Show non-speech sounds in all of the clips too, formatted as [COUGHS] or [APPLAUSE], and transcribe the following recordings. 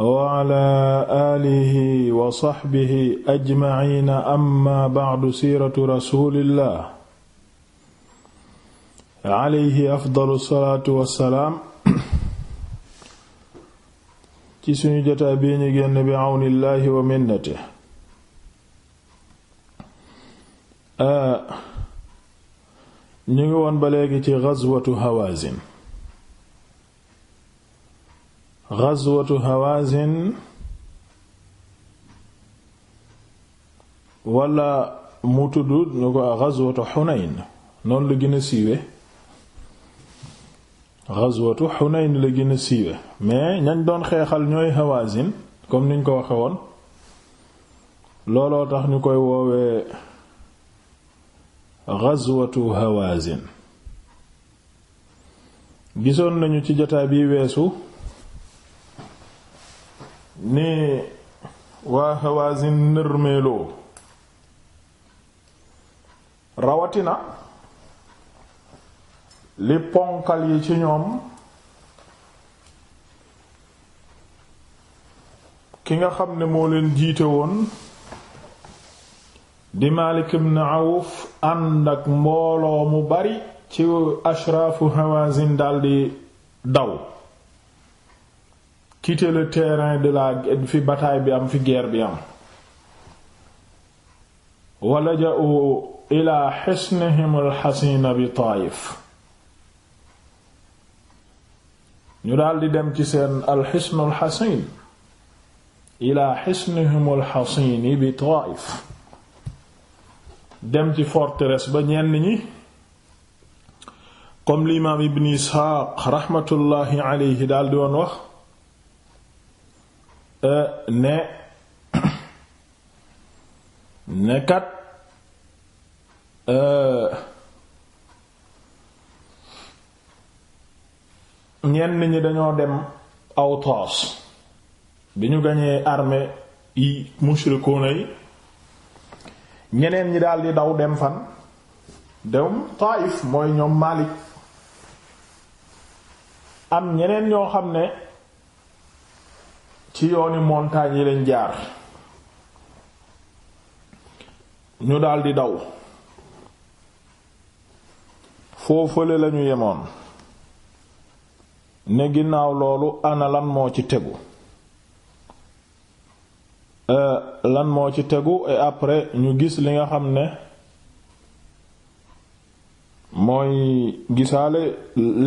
wa ala aalihi wa saxbihi ajmaciina amma bacdu siiratu rasulillah alayhi afdalu salaatu wa salaam ci suñu jotaa bii ñu génn bi awnillahi wa minnate ah, ñu ngi woon ba léegi ci gazwatu Hawaazin ghazwatu hawazin wala mu tudd ñu ko ghazwatu xunayn noonu la gën a siiwe ghazwatu xunayn la gën a siiwe mais ñañ doon xeexal ñooy hawazin comme niñ ko waxe woon looloo tax ñu koy woowee ghazwatu hawazin gisoon nañu ci jotaay bi weesu ni waa Hawazin nërmeeloo rawatina li ponkal yi ci ñoom ki nga xam ne moo leen jiite woon di Malik ibn Awf ànd ak mbooloo mu bari ci ashraafu Hawazin daldi daw quitter le terrain de la fi bataille bi am fi guerre bi am wala ja'u ila hisnihim alxasina bi taayif ñu daldi dem ci seen alxisnu alxasin ila xisnihim alxasini bi taayif dem ci forteresse ba ñenn ñi comme l'imam ibn Isxaaq raxmatullaahi alayhi daldi woon wax Euh, ne nekat euh, ñenn ñi dañoo dem Awtaas bi ñu gañee armée yi mushrikoona yi ñeneen ñi daal daw dem fan dem Taayif mooy ñoom Maalik am ñeneen ñoo xam ne ci yooni montagne yi lañ jaar ñu daldi daw foofale lañu yemoon ne ginnaaw loolu ana lan moo ci tegu euh, lan moo ci tegu et après ñu gis li nga xam ne mooy gisaale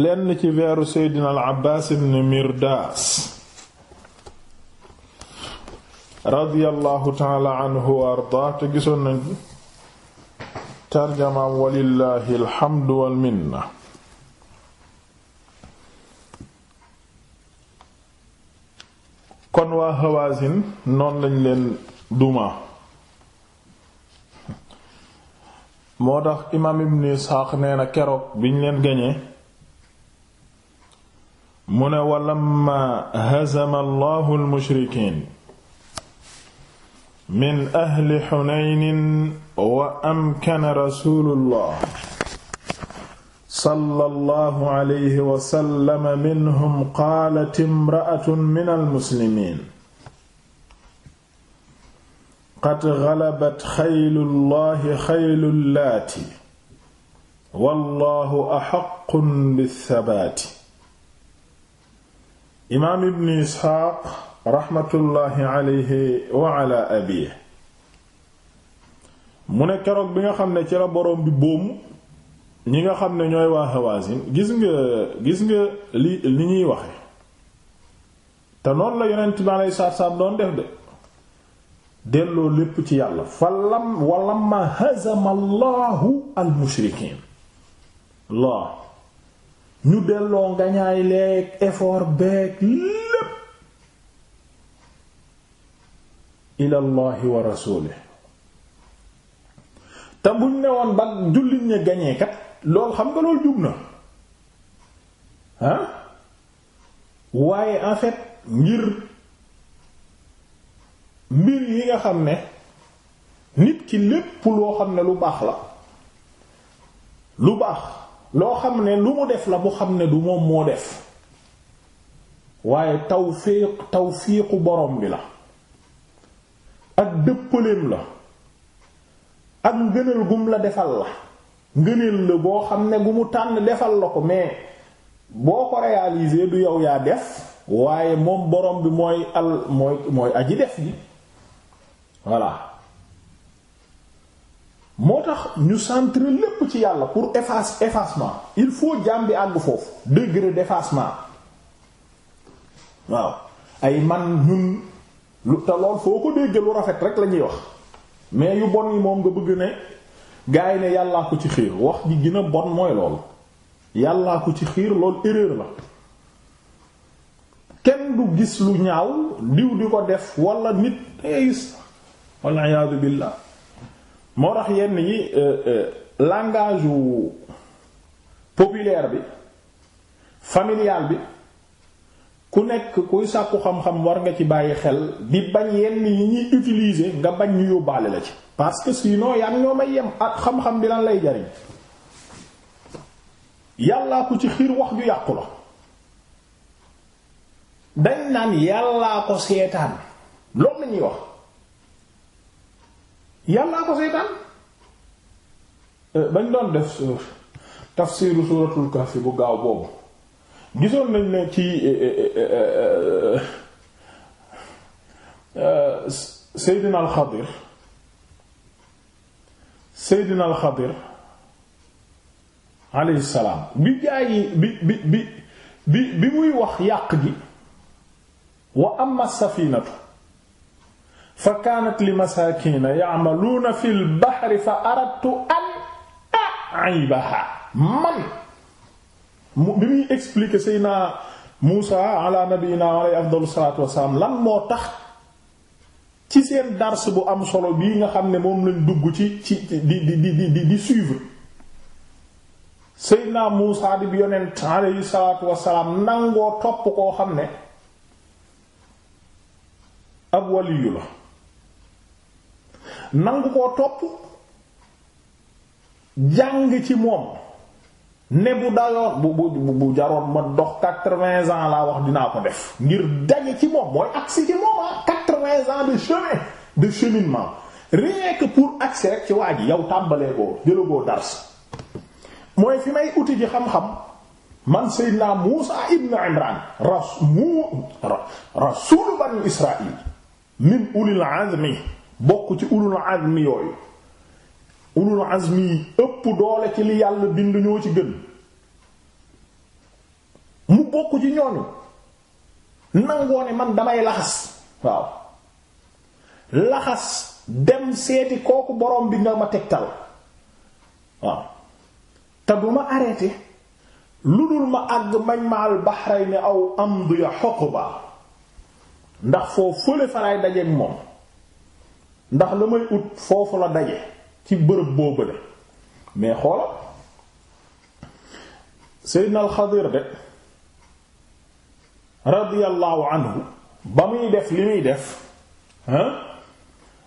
lenn ci weeru Seydina al Abbaas ibn Mirdaas radiyallahu taala anhu wa ardaa te gisoon nañ tarjamaam walillahi alhamdu wal kon waa Hawazin noonu lañ leen duma moo tax imaam ibn Isxaaq nee na keroog biñ leen gañee mu ne walamma hazama allahu almushrikiin min ahli xunaynin wa amkana rasulullah sallallahu alayhi wa sallam minhum qaalat imra'atun min almuslimiin qad ghalabat xaylullahi xaylu laati wallahu axaqqun bithabaati imaam ibn isxaaq raxmatullaahi alayhi wa ala mu ne keroog bi nga xam ne ci la boroom bi boomu ñi nga xam ne ñooy waa Hawazin gis nga gis nga li li ñuy waxe te noonu la yonent bi alayhi salaatu doon def de delloo lépp ci yàlla fa lam walamma hazama allahu almushrikiin laa ñu delloo ngañaay leeg effort beeg ilallahi wa rasuulihi te buñ ne woon ba jullit ña gañee kat lool xam nga lool jub na ah waaye en fait ngir mbir yi nga xam ne nit ki lépp loo xam ne lu baax la lu baax loo xam ne lu mu def la bu xam ne du moom moo def waaye tawfiq tawfiqu borom bi la ak dëppaleem la ak ngëneel gum la defal la ngëneel la boo xam ne gu mu tànn defal la ko mais boo ko réaliser du yow yaa def waaye moom borom bi mooy al mooy aji def gi voilà moo tax ñu centre lépp ci yàlla pour efface effacement il faut jaam bi àgg foofu degré d'effacement waaw ay man ñun lu te lool foo ko dégg lu rafet rek la ñuy wax mais yu bon yi moom nga bëgg ne gaa yi ne yàllaa ko ci xiir wax ji gën a bon mooy lool yàllaa ko ci xiir lool erreur la kenn du gis lu ñaaw diw di ko def walla nit dangay gis walla iyaadu billaah moo tax yenn yi euh, euh, langage populaire bi familial bi ku nekk kuy sàkku xam-xam war nga ci bàyyi xel di bañ yenn yi ñuy utiliser nga bañ ñu yóbbaale la ci parce que sinon yaa ñoo may yem ak xam-xam bi lan lay jariñ yàllaa ko ci xiir wax ju yàqu la dañ naan yàllaa ko seetaan loolu la ñuy wax yàllaa euh, bañ doon def euh, tafsiru suratul kahf bu gaaw boobu gisoon nañ ne ci eh, eh, eh, Seydina Al Xadir Seydina Al Xadir alayhi salaam bi jaay yi bi bi bi bi bi muy wax yàq gi wa amma safinatu fa kaanat li masaakiina ya'maluuna fil bahri fa aradtu an a'ibaha man mu bi muy expliquer Seydina Muusa ala nabiyina alayhi afdalu salaatu wassalaam lan moo tax ci seen dars bu am solo bii nga xam ne moom lañ dugg ci ci di di di di suivre Seydina Muusa di bi yonent alayhi salaatu wassalaam nangoo topp koo xam ne ab waliyu la nangu koo topp jàng ci moom ne bu dayoon bu bu bu jaroon ma dox quatre-vingts ans laa wax dinaa ko def ngir daje ci moom mooy agsi ci moom ah quatre-vingts ans de chemin de cheminement rien que pour agsi rek ci waa ji yow tàmbalee ko jëlagoo dars mooy fi may uti ji xam-xam man Seydina Muusa ibn Imran ras mu rasul bani Israil min ulil bokk ci ulul azmi yooyu ulul azmi yi ëpp doole ci li yàlla bind ñoo ci gën mu bokk ci ñooñu nangoo ne man damay laxas waaw laxas dem seeti kooku borom bi nga ma tegtal waaw te bu ma arrêté lu dul ma àgg mañ ma al bahrayni aw amdiya huqba ndax foo fële faraay dajeek moom ndax la ut foofu la daje ci bërëb boo bële mais xoola Seydina Alxadir de radiyallahu ba muy def li muy def hein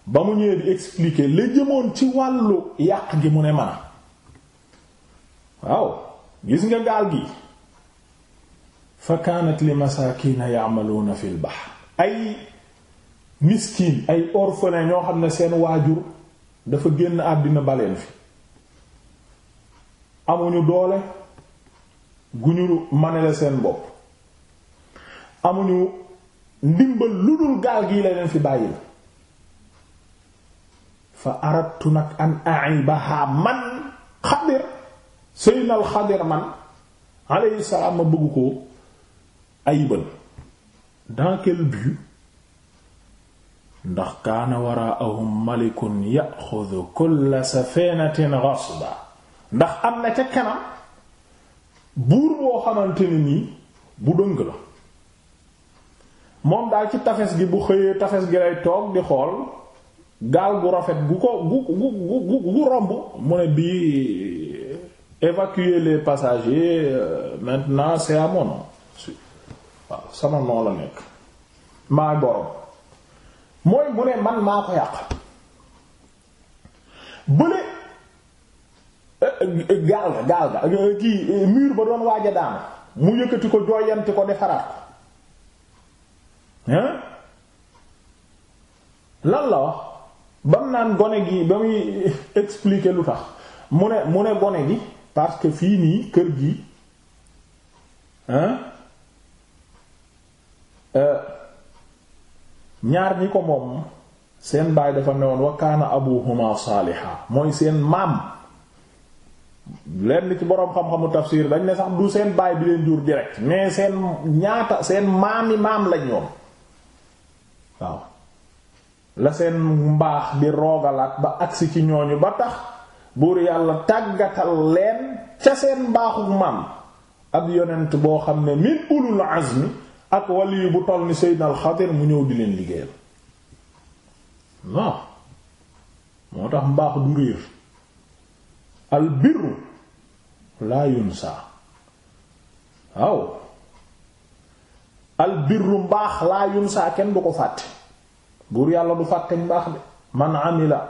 ba mu ñëwee di expliquer la jëmoon ci wàllu yàq gi mu ne man waaw gis nga gaal gi fa kaanat li masaakiina ya'maluuna fil bahr ay miskin ay orphelin ñoo xam ne seen waajur dafa génn àddina baleen fi amuñu doole guñu manele seen bopp amuñu ndimbal lu dul gaal gii la leen fi bàyyil fa aradtu nag an aibaha man xadir sayyidina xadir man alayhi ma bëgg ko ayibal dans quel ndax kaana waraahum malikun yaxudu kulla safinatin ghasba ndax am na ca kanam buur boo xamante ne nii bu dëng la moom daal ci tafes gi bu xëyee tafes gi lay toog di xool gaal gu rafet gu ko gu gu gu gu romb mu ne bii évacuer les passagers euh, maintenant c'est à mon waaw sama noo la nekk maa borom mooy mu ne man maa ko yàq bële eh, gaal ga gaal ga eh, kii eh, mur ba doon waaja daanu mu yëkkati ko jooyanti ko defaraat ko hein lan la wax bam naan gone gi ba muy [LAUGHS] expliquer lu tax mu ne mu ne gone gi parce que fii nii kër gi hein euh, ñaar ñi ko moom seen baay dafa newoon wa kaana abuhuma saaliha mooy seen maam lenn ci boroom xam-xamu tafsir dañ ne sax du seen baay bi leen jur direct mais seen ñaata seen maami maam lañ ñoom waaw la seen mbaax bi roogalaat ba agsi ci ñooñu ba tax buur yàlla tàggatal leen ca seen mbaaxu maam ab yonent boo xam ne min ulul azmi ak waliyu bu toll ni Seydina Alxadir mu ñëw di leen liggéeyal non moo tax mbaax du réer al laa yunsa waaw al mbaax laa yunsa kenn du ko fàtte buur yàlla du fàtte mbaax de man amila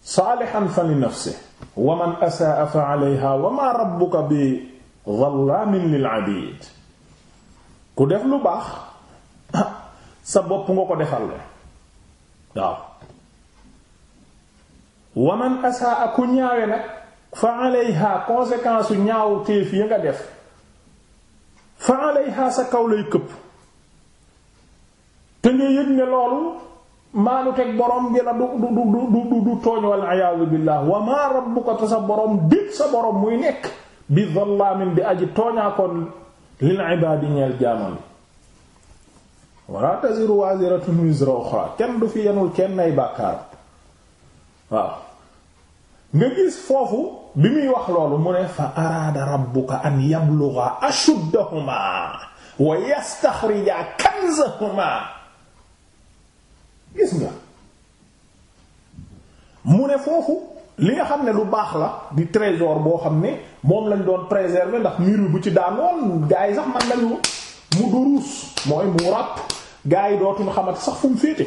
saalixan fa li nafsi wa asaa fa alayha wa ma bi dhallaamin lil abid ku def lu baax sa bopp nga ko defal la waaw waman asaa ak ñaawe nag fa alayha conséquence su ñaaw téef yi nga def fa alayha sa kaw lay këpp te nga yëg ne loolu maanu teg borom gi la du du du du du tooñ wal ayaadu wa maa rabbuka te sa borom dit sa borom muy nekk bi zallaamin bi aji tooñaakoon lil ibaadi ñeel jaamal wala taziru waziratun wizra uxra kenn du fi yenul kenn ay bàkkaar waaw nga gis foofu bi muy wax loolu mu ne fa araada rabbuka an yablugha ashuddahuma wa yastaxrija gis nga mu ne foofu li nga xam ne lu baax la di trésor boo xam ne moom lañ doon préserver ndax miir bi bu ci daanoon gars yi sax man nañu mu duruus mooy mu ràpp gars yi dootuñu xamante sax fu mu féete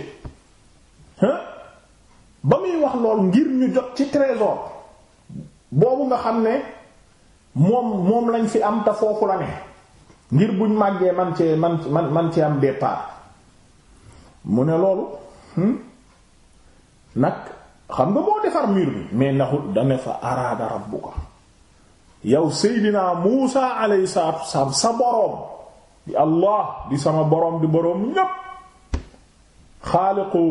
ba muy wax lool ngir ñu jot ci trésor boobu nga xam ne moom moom lañ fi am te foofu la ne ngir buñ màggee man ci man man man ci am départ mu ne loolu hmm? nag xam nga moo defar mur bi mais naxul dane fa araada rabbuka yow seydinaa muusa alayhi salaatu sa boroom di allah di sama boroom bi boroom ñépp xaaliqu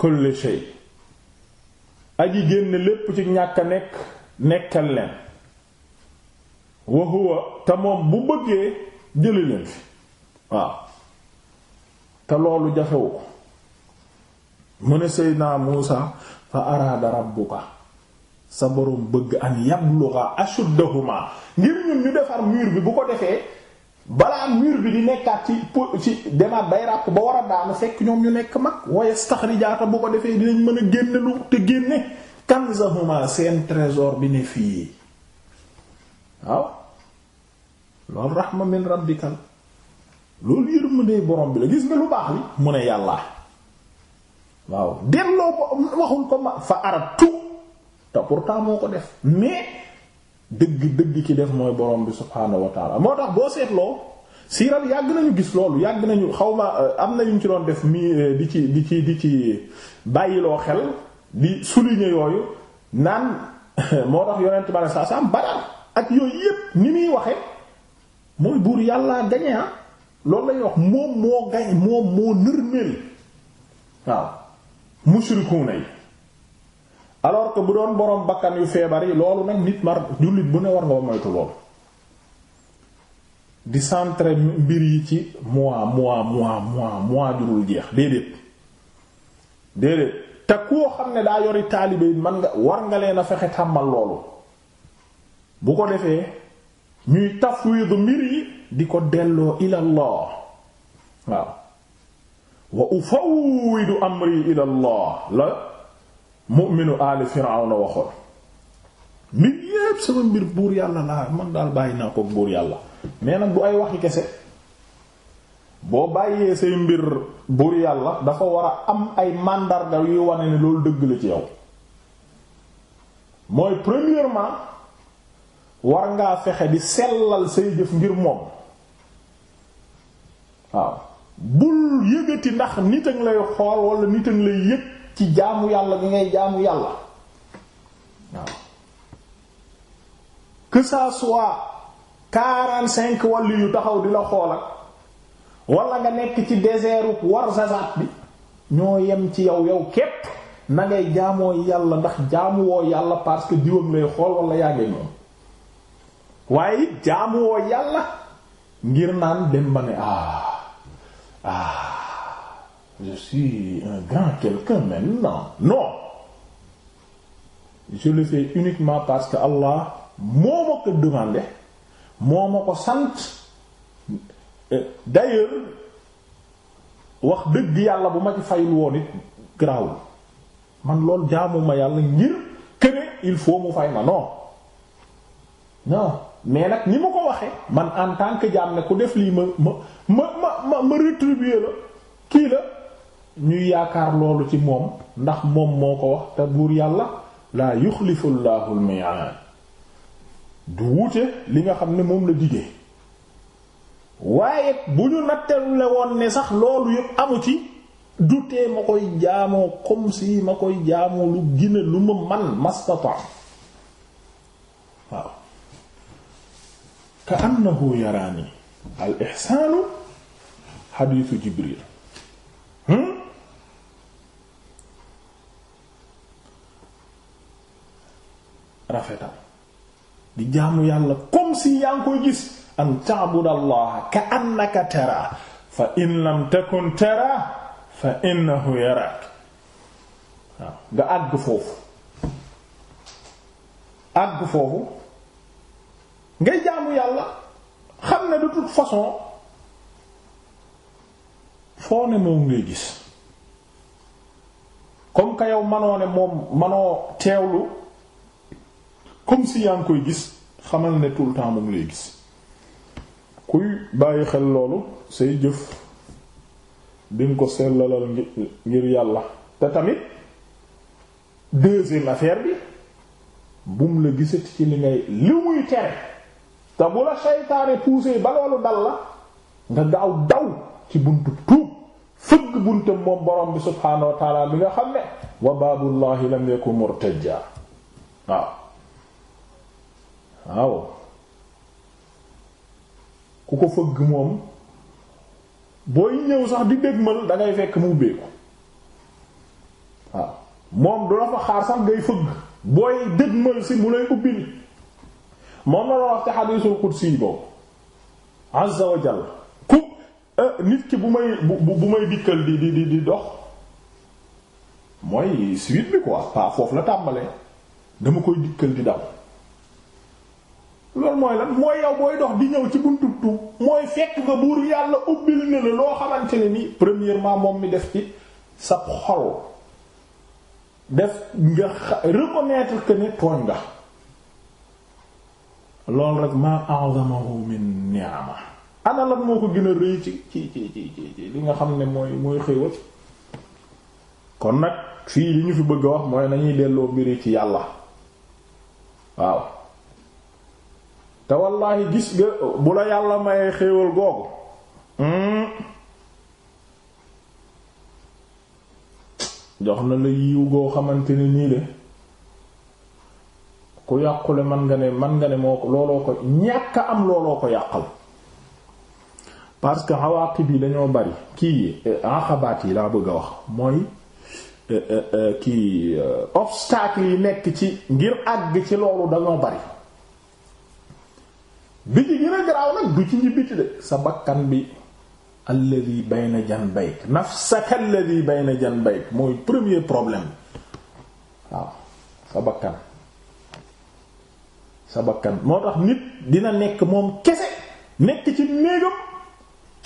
kulli shay aji génn lépp ci ñàkk nekk nekkal leen wa huwa bu bëggee jëli leen fi waaw te loolu jafewu ko mu ne seydinaa muusa fa araada rabbuka sa boroom bëgg an yablugha ashuddahuma ngir ñun ñu defar mur bi bu ko defee balaa mur bi di nekkaat ci ci demaat bay ràpp ba war a daanu fekk ñoom ñu nekk mag wa yastaxrijaata bu ko defee dinañ mën a génne lu te génne kanzahuma seen trésor bi ne fii waaw loolu rahma min rabbikal loolu yërmande borom bi la gis nga lu baax li mu ne yàlla waaw delloo ko waxul ko ma fa arab tu te pourtant moo ko def mais dëgg dëgg ki def mooy borom bi subhaanahu wa moo tax boo seetloo siiral yàgg nañu gis loolu yàgg nañu xawma euh, am na ñu ci doon def mi euh, di ci di ci di ci bàyyiloo xel di souligner yooyu naan [LAUGHS] moo tax yonent ba saa saa saam badal ak yooyu yépp ni muy waxe mooy buur yàllaa gañe ah. loolu lañuy wax moom moo gañ moom moo nërmeel waaw mushrikuuna yi alors que bu doon boroom bakkan yu feebar yi loolu nag nit mar jullit bu ne war nga moytu loolu di centrer mbir yi ci mois mois mois mois mois jurul jeex déedéet déedéet te koo xam ne daa yori taalibe man nga war nga leen a fexe tàmbal loolu bu ko defee ñuy tafwiidu mbir yi di ko delloo ilallah waaw wa ufawwidu amri ila Allah la mu'minu aali Firawna waxoon mbir yépp sama mbir buur yàlla laa man daal bàyyi naa ko buur yàlla mais nag du ay waxi kese boo bàyyee say mbir buur yàlla dafa war a am ay màndarga yuy wane ne loolu dëgg la ci yow mooy premièrement war ngaa fexe di sellal say jëf ngir moom waaw bul yëgati ndax nit a ngi lay xool wala nit a lay yëg ci jaamu yàlla bi ngay jaamu yàlla waaw que ça soit quarante-cinq wàll yu taxaw di la xool ak wala nga nekk ci désertu Ouarzazate bi ñoo yem ci yow yow képp na ngay jaamoo yàlla ndax jaamu woo yàlla parce que diwam lay xool wala yaa ngi waaye it jaamu woo yàlla ngir naan dem ba ne ah. ah je suis un grand quelqu'un maintenant non je le fais uniquement parce que Allah moo ma ko demandé moo ma ko sant euh, d'ailleurs wax dëgg yàlla bu ma ci fayul woon it grawul man loolu jaamuma yàlla ngir que il faut mu fay ma non non mais nag ni ma ko waxee man en tant que jaam ne ku def lii ma ma ma ma ma rétribuer la kii la ñuy yaakaar loolu ci moom ndax moom moo ko wax te buur yàlla laa yuxlifu llaahu al-mi'aad du wuute li nga xam ne moom la diggee waaye bu ñu nattelule woon ne sax loolu yëpp amu ci dutee ma koy jaamoo comme si ma koy jaamoo lu gine lu ma man mastata waaw ka annahu yaraani al ixsaanu xadiisu jibril hmm? rafetal di jaamu yàlla comme si yaa ngi koy gis an ta'budallaha ka annaka tara fa in lam takun tara fa innahu yaraak nga àgg foofu àgg foofu ngay jaamu yàlla xam ne de toute façon foo ne moom ngay gis comme que manoo ne moom manoo teewlu comme si yaa ngi koy gis xamal ne tout le temps moom lay gis kuy bàyyi xel loolu say jëf dinga ko sellalal ngir yàlla te tamit deuxième affaire bi bum la gisati ci li ngay li muy tere te bu la seytaane poussé ba loolu dal la nga daaw daw ci buntu tuub fëgg buntam moom borom bi subhaanahu wa taala bi nga xam ne wa waaw waaw ku ko fëgg moom booy ñëw sax di dégmal da ngay fekk mu ubbeeku waaw moom du la fa xaar sax ngay fëgg booy dégmal si mu lay ubbil moom la wax ci xadiisul qudsi boobu azza wa jalla ku eh, nit ki bu may bu bu may dikkal di di di dox mooy suite bi quoi pas foofu la tàmbalee dama koy dikkal di daw loolu mooy lan mooy yow booy dox di ñëw ci buntu tuub mooy fekk nga buur yàlla ubbil ne la loo xamante ne ni premièrement moom mi def ci sa xol def nga reconnaître que ne tooñ nga. loolu rek ma a'zamahu moo ko gën a rëy ci ci ci ci li nga xam ne mooy mooy xéewal kon nag fii li fi bëgg a wax mooy nañuy delloo mbiri ci yàlla waaw te wallaahi gis nga bu la yàlla mayee xéewal googu hmm, jox na la yiw goo xamante ne nii de ku yàqule man nga ne man nga ne moo ko looloo ko ñàkk am looloo ko yàqal parce que xawaaqib yi dañoo bari kii eh, aqabaat yi laa bëgg a wax mooy eh, eh, kii obstacle yi nekk ci ngir àgg ci loolu dañoo bari bi ci gën a garaaw nag du ci ñibbiti de sa bakkan bi alladi bayna janbayk nafsaka alladi bayna janbayk mooy premier problème waaw sa bakkan sa bakkan moo tax nit dina nekk moom kese nekk ci néegam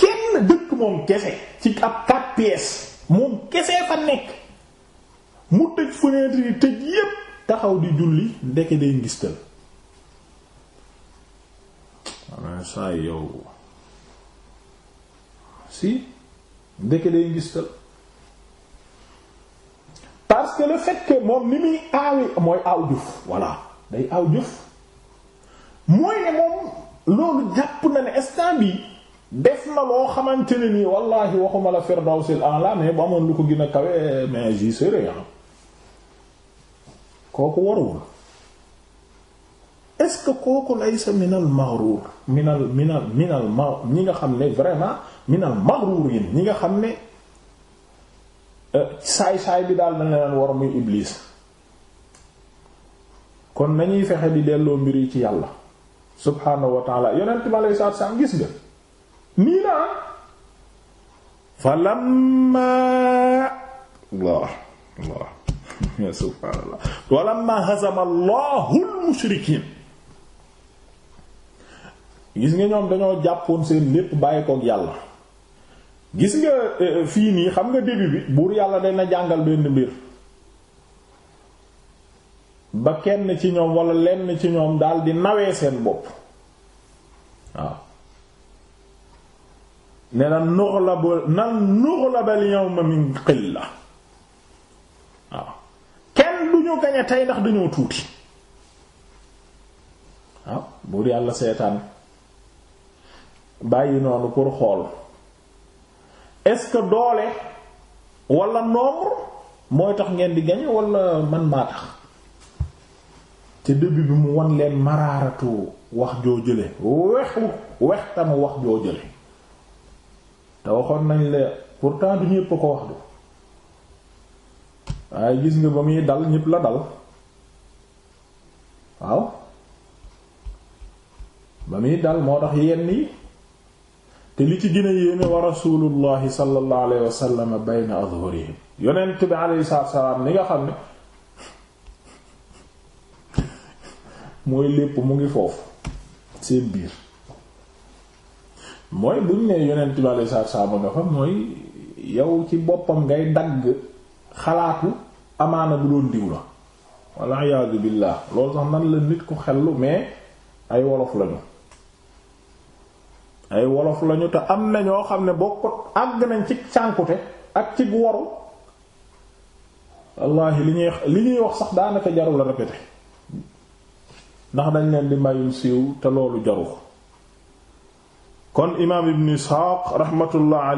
kenn dëkk moom kese ci ab quatre pièces moom kese fa nekk mu tëj fenêtre yi tëj yépp taxaw di julli ndeke day ngistal waaye saa yow si parce que le fait moom ni muy aawi mooy aaw jëf voilà day aaw jëf mooy ne loolu jàpp na ne instant bi def na loo xamante ne nii wallahi waxuma la firdawsil a'la mais bu amoon lu ko gën a kawe mais j'y serai kooku warul est-ce que kooku laysa minal maghrur minal minal minal ma ñi nga xam ne vraiment minal maghrurin ñi nga xam ne saay-saay euh, bi daal na leen war muy iblis kon nañuy fexe di delloo mbir yi ci yàlla subhaanahu wa taala yonent bi aleyhi salaatu salaam gis nga nii la am fa lammaa Allah Allah ya subhaanallah wa lammaa hazama Allahul mushrikiin gis nga ñoom dañoo jàppoon seen lépp bàyyi koog yàlla gis nga eh, eh, fii nii xam nga début bi buur yàlla na jàngal benn mbir ba kenn ci ñoom wala lenn ci ñoom di nawee seen bopp waaw ne na nuxlabu nan nuxlabal yawma min qilla waaw kenn du ñu gañe tey ndax dañoo tuuti waaw buur yàlla seetaan bàyyi noonu pour xool est-ce que doole wala nombre mooy tax ngeen di gañe wala man maa tax ci début bi mu wan leen maraaratu wax joo jële wexu wextamu wax joo jële te waxoon nañ la pourtant du ñépp a ko wax du waaye gis nga ba muy dal ñépp la dal waaw ba muy dal moo tax yenn yi te li ci gën a yéeme wa rasulullahi sallallahu alayhi wa sallam bayna adhurihim yonent bi alayhi salaatu wa salaam ni nga xam ne mooy lépp mu ngi foofu seen biir mooy buñ ne yonent bi alei satu salaam nga fa mooy yow ci boppam ngay dagg xalaatu amaana bu doon diw la walla iyaadu billaah loolu sax nan la nit ku xellu mais ay wolof lañu ay wolof lañu te am na ñoo xam ne boo ko àgg nañ ci cànkute ak ci woru wallaahi li ñuy li ñuy wax sax daanaka jarul la répéter ndax dañ leen di ma siiw te loolu jaru ko kon imaam ibn isxaaq raxmatullah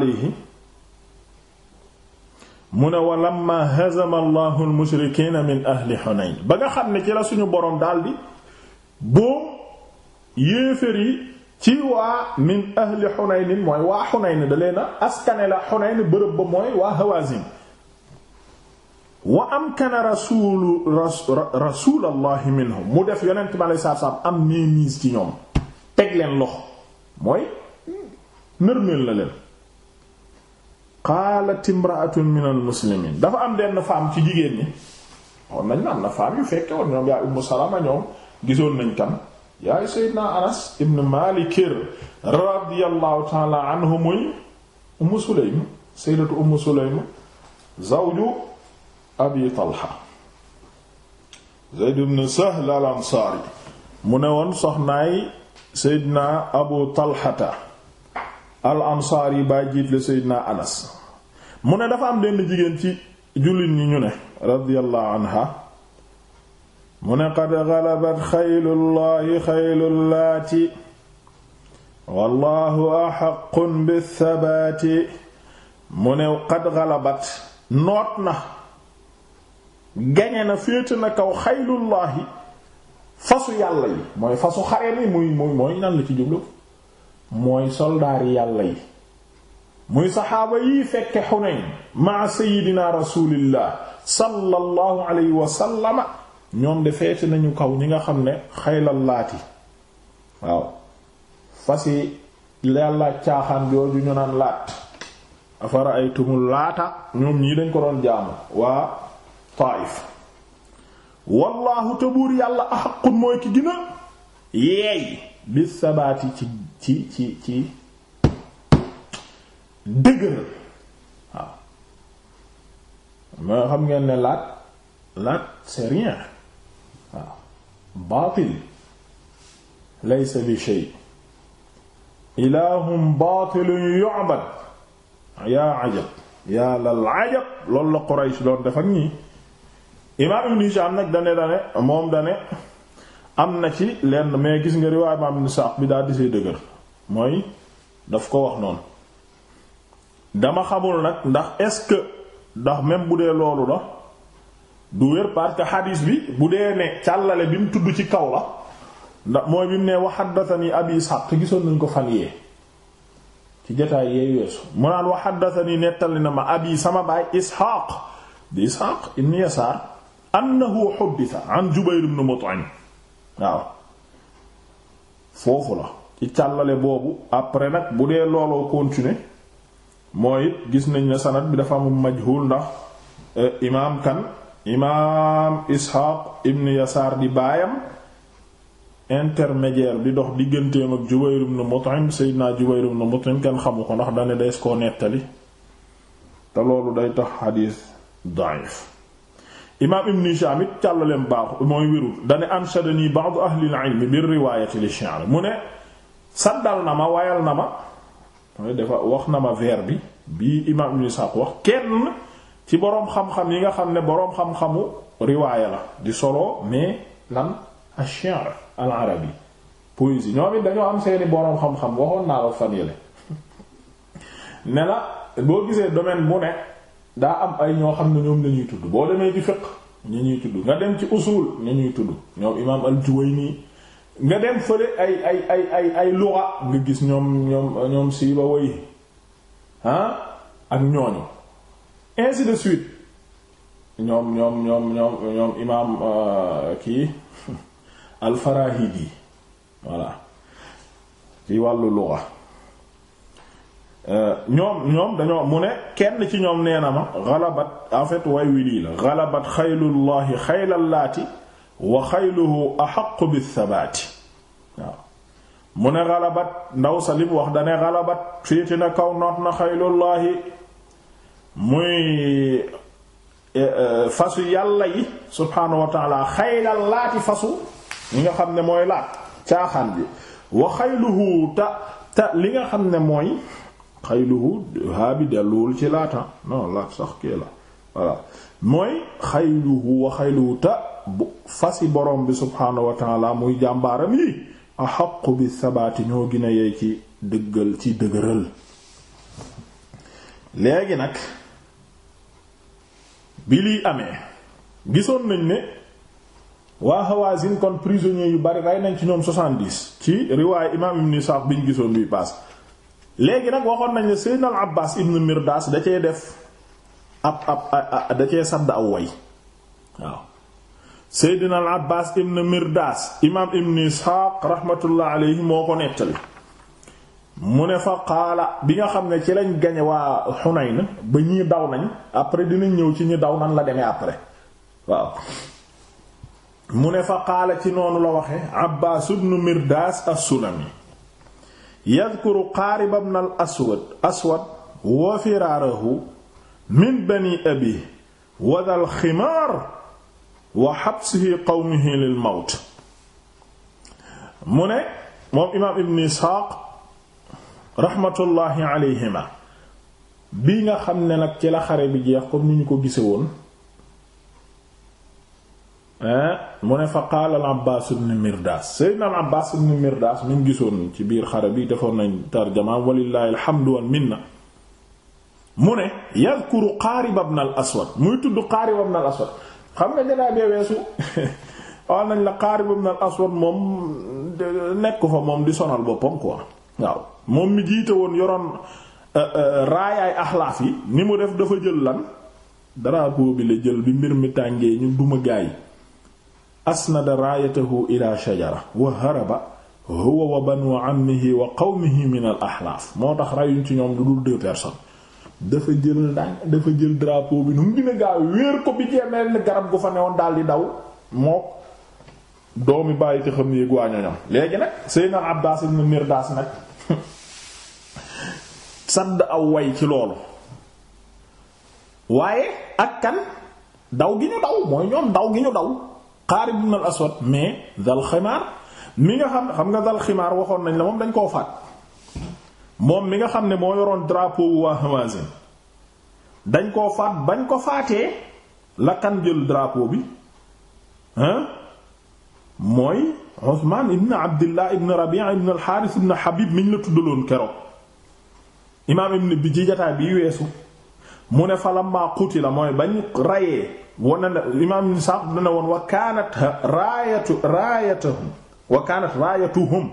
mu ne wa lamma hazama allahu almushrikiina min ahli xunayn ba nga xam ne ci la suñu boroom daldi boo yéefér yi ci waa min ahli xunaynin mooy waa xunayni da leena askane la xunayni bërëb ba mooy waa hawazin wa amkana rasulu rasulallahi minhum mu def yonent bi alei satu salaam am nee mise ci ñoom teg leen loxo mooy nërmeel na leen qaalat imra'atun min al muslimin dafa am denn femme ci jigéen ñi xoon nañ am na femme yu fekke woon ñoom yaa ummu salama ñoom gisoon nañ kan yaay sayyidna anas ibn malikir radiyallahu ta'ala anhu muy ummu sulaym sayyidatu ummu zawju abi talha zeyd ibn sahl al mu ne woon soxnaay seydina abu talhata al ansaari baay jiit la seydina anas mu ne dafa am denn jigéen ci jullit ñi ñu ne radiyallahu anha mu ne qad galabat xaylullahi xaylullaati wallahu axaqun bithabaati mu ne qad galabat noot na gañe na féete na kaw xaylullaahi fasu yàlla yi mooy fasu xare mi muy muy mooy nan la ci jublu mooy soldaari yàlla yi muy saxaaba yi fekke xunayn maa sayidina rasulillah sallallahu alayhi wa sallama ñoom de feete nañu kaw ñi nga xam ne xaylallaati waaw fasi yàlla caaxaan jooju ñu naan laat afara ay tumul laata ñoom ñii dañ ko doon jaamu waa Taif wallaahu te buur yàlla axaqun mooy ki gën yeey bi sabaati ci ci ci ci dëgëral waaw moo xam ngeen ne laat laat c'est waaw baatil laysa bi shay ilaahum baatilun yu'bad yaa ajab yaa lal ajab loolu la Quraysh doon def nii imaam ibn Hisham nag dane dane moom dane am na ci lenn mais gis nga riwaay imaam ibn Sa'd bi daal di see dëgër mooy daf ko wax noonu dama xamul nag ndax est-ce que ndax même bu dee loolu la du wér parce que xadiis bi bu dee ne càllale bi mu tudd ci kaw la ndax mooy bi mu ne wa haddathani abi Ishaq te gisoon nañ ko fan yee ci jotaay yeey weesu mu naan wa haddathani nettali na ma abi sama baay Ishaq di Ishaq ibn Yasaar annahu xuddisa an Jubayr ibn Mut'im waaw foofu la ci càllale boobu après nag bu dee looloo continuer mooy it gis nañ ne sanad bi dafa am majhul ndax eh, imaam kan imaam Isxaaq ibn Yasaar di baayam intermédiaire di dox digganteem ak Jubayr ibn Mut'im naa Jubayr ibn Mut'im kenn xamu ko ndax dane des koo nettali te loolu day tax xadiis da'if imaam ibn Hishaam it càllaleem baaxu mooy wérul dane anshadanii ba'du ahlil ilmi bir riwaayati li shi'r mu ne sàddal na ma wayal na ma mooy dafa wax na ma vers bi bii imaam ibn Hishaam wax kenn ci boroom xam-xam yi nga xam ne boroom xam-xamu riwaaya la di solo mais lan ash-shi'r al-arabi poésie ñoom it dañoo am seeni boroom xam-xam waxoon naa la fan yële [LAUGHS] ne la boo gisee domaine bu ne daa am ay ñoo xam ne ñoom la ñuy tudd boo demee ci fiqh ñu ñuy tudd nga dem ci usul ñu ñuy tudd ñoom imaam al-Juwayni nga dem fële ay ay ay ay ay nga gis ñoom ñoom ñoom siiba way ah, ak ñooñu ainsi de suite ñoom ñoom ñoom ñoom ñoom imaam euh, kii [LAUGHS] al-Farahidi voilà ci wàllu lugha Euh, ñoom ñoom dañoo mu ne kenn ci ñoom nee na ma xalabat en fait way wi lii la xalabat xaylullahi xaylallaati wa xayluhu axaqu bithabaati waaw mu ne xalabat ndaw sa lim wax dane xalabat féiti na kaw noot na xaylullaahi muy e, e, fasu yàlla yi subhaanahu wa taala xaylallaati fasu yi nga xam ne mooy laat caaxaan bi wa xayluhu ta ta li nga xam ne mooy xayluhu haabi delluwul ci laata non laat sax kii la voilà mooy xayluhu wa xayluhu ta fasi borom bi subhaanahu wa taala muy jàmbaaram yi axaqu bi sabaati ñoo gën a ci dëggal ci dëgëral léegi nag bi liy amee gisoon nañ ne waa Hawazin kon prisonniers yu bari rey nañ ci ñoom 70 ci riwaaye imaam Ibn Sa'd biñ gisoon bi paas léegi nag waxoon nañ ne Seydina al Abbaas ibn Mirdaas da cee def ab ab da cee sadd aw way waaw Seydina al Abbaas ibn Mirdaas imaam ibn Isxaaq rahmatullah alayhi moo ko nettali mu ne fa qaala bi nga xam ne ci lañ gañe waa Xunayn ba ñii daw nañ après dinañ ñëw ci ñi daw nan la demee après waaw mu ne fa qaala ci noonu la waxe Abbaas ibn Mirdaas as yadkuru qaarib ibn al aswad aswad wa firaarahu min bani abi wa dal ximaar wa xabsihi qawmihi lil mawt mu ne moom imaam ibn isxaaq raxmatullaahi alayhima bii nga xam ne nag ci la xare bi jeex comme ni ñu ko gise woon mu ne fa qaala al Abbaas ibn Mirdaas Seydina Abbaas ibn Mirdaas mi ngi gisoon ci biir xare bi defoon nañ tarjama walillaahi alhamdu wal minna mu ne yadkuru Qaarib ibn al Aswad muy tudd Qaarib ibn al Aswad xam nga janaay bee weesu [LAUGHS] wax nañ la Qaarib ibn al Aswad moom nekk fa moom di sonal boppam quoi waaw moom mi jiite woon yoroon euh, euh, raayaay axlaaf yi ni mu def dafa jël lan dara bi la jël bi mbir mi tàngee ñu duma gaay asnada raayatahu ila shajara wa haraba huwa wa banu ammihi wa qawmihi min al ahlaaf moo tax rayuñ ci ñoom lu dul deux personnes dafa jël ndànk bi nu mu gën a gaaw wéer ko bi jeemeen garab gu fa newoon daal di daw mook doomi léegi nag Seydina Abbaas ibn Mirdaas nag [LAUGHS] sadd aw way ci loolu waaye ak kan daw mooy ñoom daw gi ñu daw Xaarib ibn al Aswad mais dal ximaar mi nga xam xam nga dal ximaar waxoon nañ la moom dañ koo faat moom mi nga xam ne moo yoroon drapeau waa Hawazin dañ koo faat bañ koo faatee la kan jël drapeau bi mooy Usmaan ibn Abdillah ibn Rabi'a ibn al ibn Habib miñ la tuddaloon keroog imaam ibn bi ci jotaay bi weesu mu ne fa lamma qutila mooy bañ rayee wane na imaam ibn Sa'd dana woon wa kaanat raayatu raayatuhum wa kaanat raayatuhum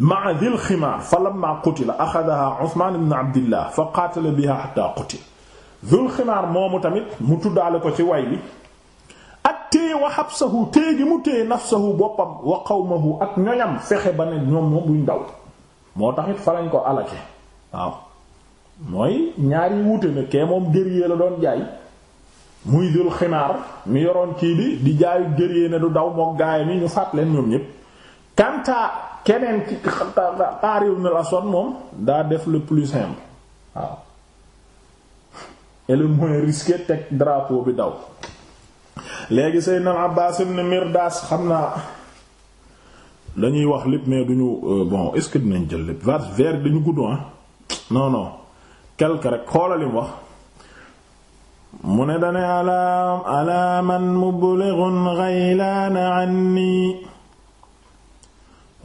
ma'a dhil khimaar fa lamma qutila akhadhaha Uthman ibn Abdillah fa qatala biha hatta qutila dhul khimaar moomu tamit mu tuddaale ko ci way bi ak téye wa habsahu téye gi mu téye nafsahu boppam wa qawmahu ak ñoñam fexe ba ne ñoom moom buñ daw moo taxit fa lañ ko alake waaw mooy ñaari wuute na kee moom gëriyee la doon jaay muy dul xinaar mi yoroon kii bi di jaayu gëriyee ne du daw moo gaay mi ñu faat leen ñoom ñépp kantaa keneen ci xaariw na la son moom daa def le plus simple waaw et le moins teg drapeau bi daw léegi Seydina Abbaas ibn Mirdaas xam naa dañuy wax lépp mais duñu euh, bon est-ce dinañ jël lépp vers vers dañu gudd ah non quelque rek xoolalim wax mu ne dane alaa alaa man mublighun ghaylaan anni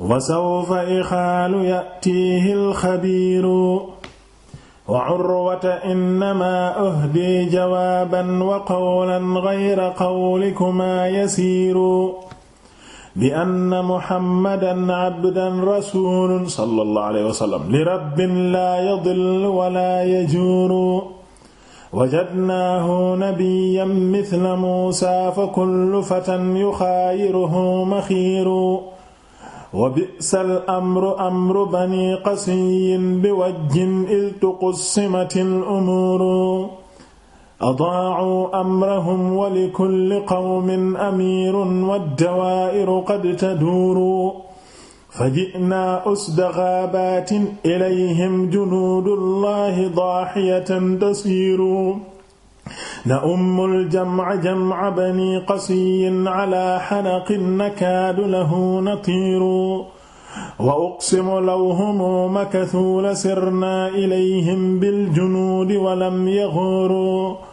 wa sawfa ixaalu yatiihi alxabiiru wa urwata innama uhdi jawaaban wa qawlan ghayra qawlikumaa yasiiru bi anna muhammadan abdan rasulun sallallahu alayhi wa sallam li rabbin laa yadillu wa laa yajuuru wajadnaahu nabiyyan mithla muusaa fa kullu fatan yuxaayiruhu maxiiru wa bi'sal amru amru banii qasiyyin bi wajjin iz tuqussimatil umuuru adaa'uu amrahum wa likulli qawmin amiirun waddawaa'iru qad taduuru faji'naa usda ghaabaatin ilayhim junuudullaahi daahiyatan tasiiru na'ummul jam'a jam'a banii qasiyyin 'alaa hanaqin nakaadu lahu natiiru wa uqsimu law humu makathuu lasirnaa ilayhim biljunuudi walam yaghuuruu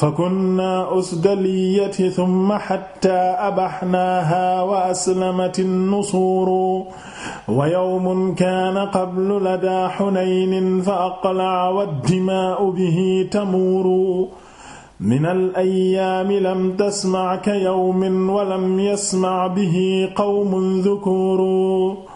fakunna usgaliyati thumma hatta abahnaaha wa aslamati nusuuru wa yawmun kaana qablu ladaa hunaynin fa aqlaca waddimaa'u bihi tamuuru minal ayyaami lam tasmac ka yawmin wa lam yasmac bihi qawmun dhukuuru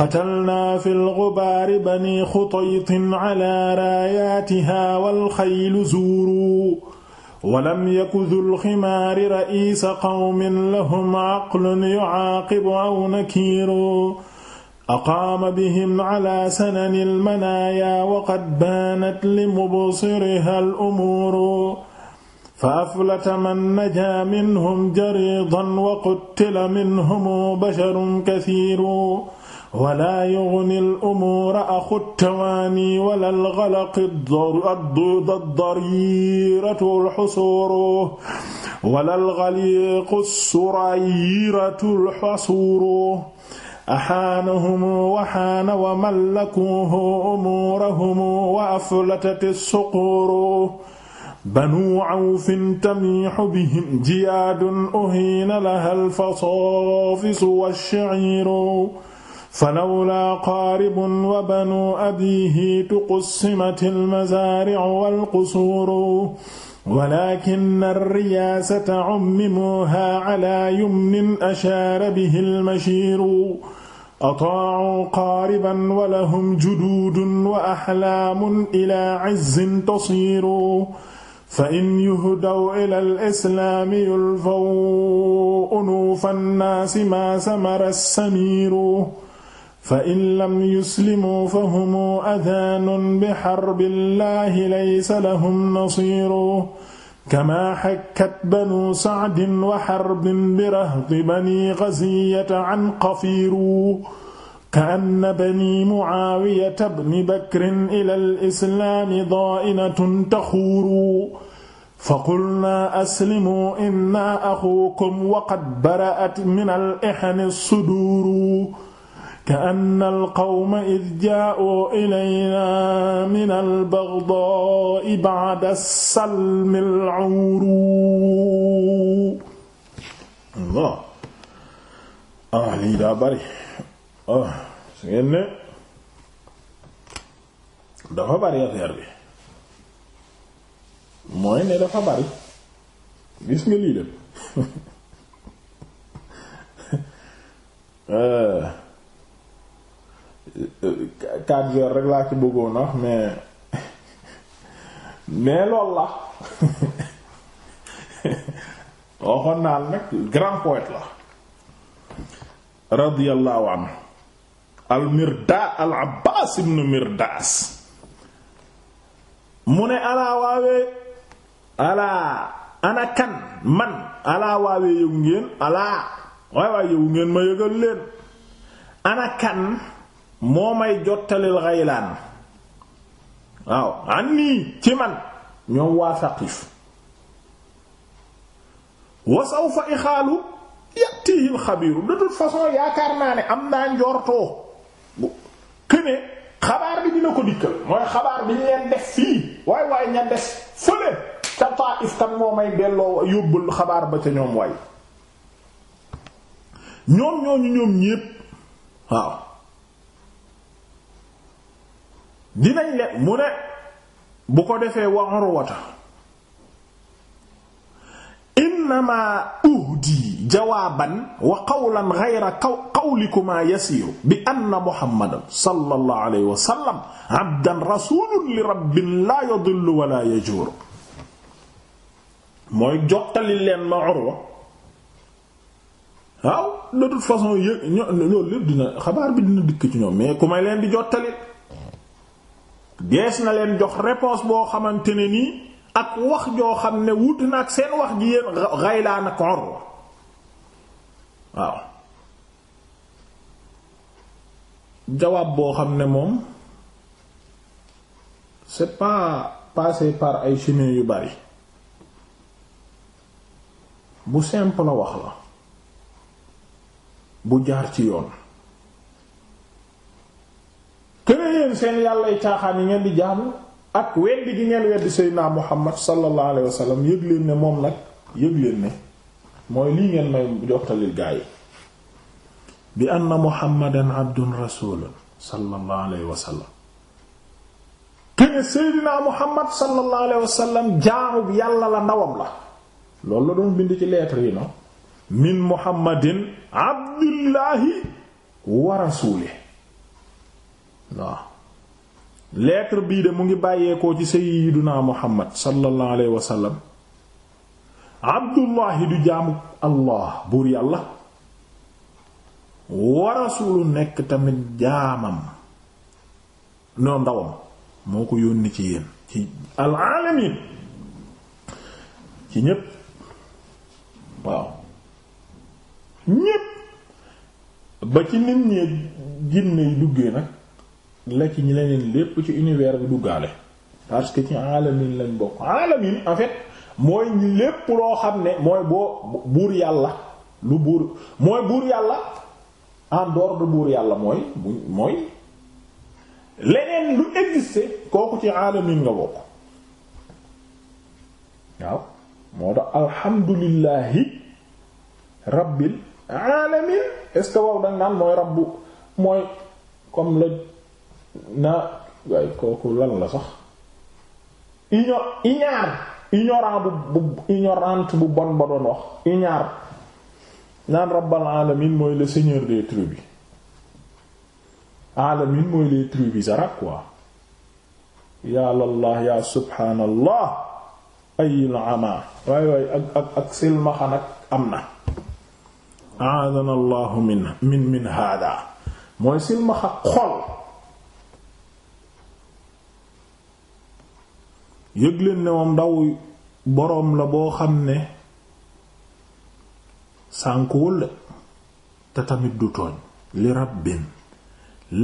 qatalnaa fil ghubaari banii khutaytin calaa raayaatihaa wal khaylu zuuru walam yaku dhul ximaari ra'iisa qawmin lahum aqlun yucaaqibu aw nakiiru aqaama bihim cala sanani almanaaya waqad baanat li mubsiriha alumuuru fa aflata man najaa minhum jariidan wa qutila minhum basharun kasiiru wala yughni al-umuura axu tawaani wala al-ghalaq ad-dariiratu al-husuuru wala al-ghaliiq as-suraayiratu al-husuuru ahaanahum wa haana wa mallakuuhu umuurahum wa aflatat as-suquuru banu awfin tamiixu bihim jiyaadun uhiina laha al-fasaafisu wash-sha'iiru falawlaa qaaribun wa banu abiihi tuqussimatil mazaari'u wal qusuuru walaakinna riyaasata ummimuuhaa calaa yumnin ashaara bihil mashiiru ataa'uu qaariban wa lahum juduudun wa axlaamun ilaa cizzin tasiiru fa in yuhdaw ilal islaami yulfaw unuufa nnaasi maa samara samiiru fa in lam yuslimuu fa humu adaanun bi xarbillahi laysa lahum nasiiru kamaa xakkat banu sacdin wa xarbin bi rahdi bani gasiyata can qafiiru ka anna bani mucaawiyata bni bakrin ilal islaami daa'inatun taxuuru fa qulnaa aslimuu innaa axuukum wa qad bara'at minal ixani suduuru كأن القوم إذ جاءوا إلينا من البغضاء بعد السلم العور Allah ah lii daa bari ah su ngeen ne dafa bari affaire bi mooy ne dafa bari gis nga lii dem quatre rek laa ci bëggoon a mais mais lool la waxoon naa la nag grand poète la radiyallahu anhu al mirda al abbaas ibnu mirdaas mu ne alaa waawee alaa ana kan man alaa waawee yëgu ngeen alaa waay waay yëgu ngeen ma yëgal leen ana kan moo may jottalil Ghaylaan waaw anni ci man ñoom waa Saqif wa sawfa ixaalu yatihi alxabiru de toute façon yaakaar naa ne am naa njortoo këne xabaar bi dina ko dikkal mooy xabaar bi ñu leen def fii waay waay ña des fële ca Taif tam moo may delloo yóbbul xabaar ba ca ñoom waay ñoom ñoom ñépp waaw dinañ leen mu ne bu ko defee wa Urwata ma uhdi jawaaban wa qawlan ghayra qawlikuma yasiiru bi anna muhammadan sallallahu alayhi wa sallam abdan rasuulun li mooy jottali leen ma Urwa waaw de toute façon yëg ño loolu lépp dina xabaar bi dina dikk ci ñoom mais ku may leen di jottali dees na leen jox réponse boo xamante ne nii ak wax joo xam ne wut na ak seen wax ji yéen Ghaylaan ak waaw jawaab boo xam ne moom c'est pas passé par ay chemins yu bari bu simple wax la bu jaar ci yoon këne yéen seen yàlla yi caaxaan yi ngeen di jaamu ak weddi gi ngeen weddi seydinaa muhammad sallallahu alayhi wasallam yëg leen ne moom nag yëg leen ne mooy lii ngeen may jottali gaa yi bi anna muhammadan abdun rasulun sallallahu alayhi wasallam këne seydinaa muhammad sallallahu alayhi wasallam jaamu bi yàlla la ndawam la loolu la doon bind ci lettre yi no min muhammadin abdullahi wa waaw lettre bii de mu ngi bàyyeekoo ci sayyiduna muhammad sallallahu alayhi wa sallam abdullahi du jaamu allah buur yàlla wa rasulu nekk tamit jaamam noo ndawam moo ko yónni ci yéen ci alaalamin ci ñépp waaw ñépp ba ci nit ñee jinne yi duggee nag la ci ñi leneen lépp ci univers bi duggaale parce que ci alamin lañ bokk alamin en fait mooy ñi lépp loo xam ne mooy boo buur yàlla lu buur mooy buur yàlla en dehors de buur yàlla mooy mooy leneen lu existe kooku ci alamin nga bokk waaw moo tax alhamdulillahi rabbil alamin est ce que wow dañ naan mooy rabbu mooy comme la na waaye kooku lan la sax ignor ignare ignorant bu bu rabbal alamin mooy le seigneur des tribus alamin mooy les tribus arabes quoi yàllallah ya subhaanallah ayil waay waay ak ak ak silmaxan ak am na aadana allahu min min min mooy silmaxa xol yëg leen ne moom ndaw boroom la boo xam ne sànkuwul te tamit du tooñ li rabbin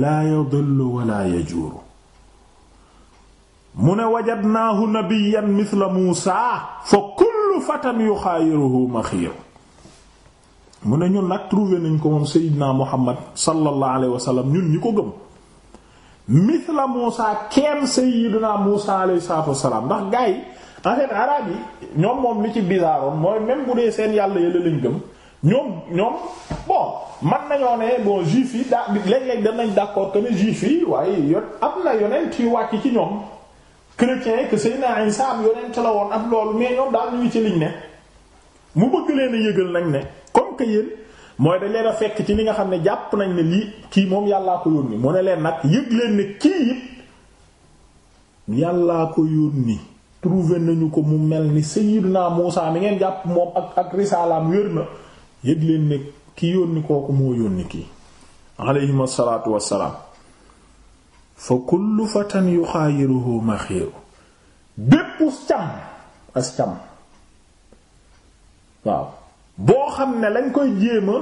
laa yadillu wala yajuuru mu ne wajadnaahu nabiyyan mithla muusa fa kullu fatan yuxaayiruhu maxiiru mu ne ñun nag trouvé nañ ko moom seydinaa muhammad sallallahu alayhi wa ñun ñi ko gëm mithla Muusa keem sayyidina Muusa alayhi salaatu wassalaam ndax gaa yi en fait araab yi ñoom moom li ci bizarroon mooy même bu dee seen yàlla yële lañ gëm ñoom ñoom bon man nañoo ne bon juif yi daa léeg-léeg danañ d'accord que ne juif yi waaye yo am na yonent yu wàcc ci ñoom chrétiens yi que Seydina Isa am yonent la woon ak loolu mais ñoom daal ñu ngi ne mu bëgg leen a yëgal nañ ne comme que mooy dañ leen a fekk ci li nga xam ne jàpp nañ ne lii kii moom yàllaa ko yónni mu ne leen nag yëg leen ne kii it yàllaa ko yónni trouvé nañu ko mu mel ni sayyidina Muusaa mi ngeen jàpp moom ak ak risaalaam wér na yëg leen ne ki yónni kooku moo yónni kii alayhim asalaatu wassalaam fa kullu fatan yuxaayiruhu maxiiru bépp cam as cam waaw boo xam ne lañ koy jéem a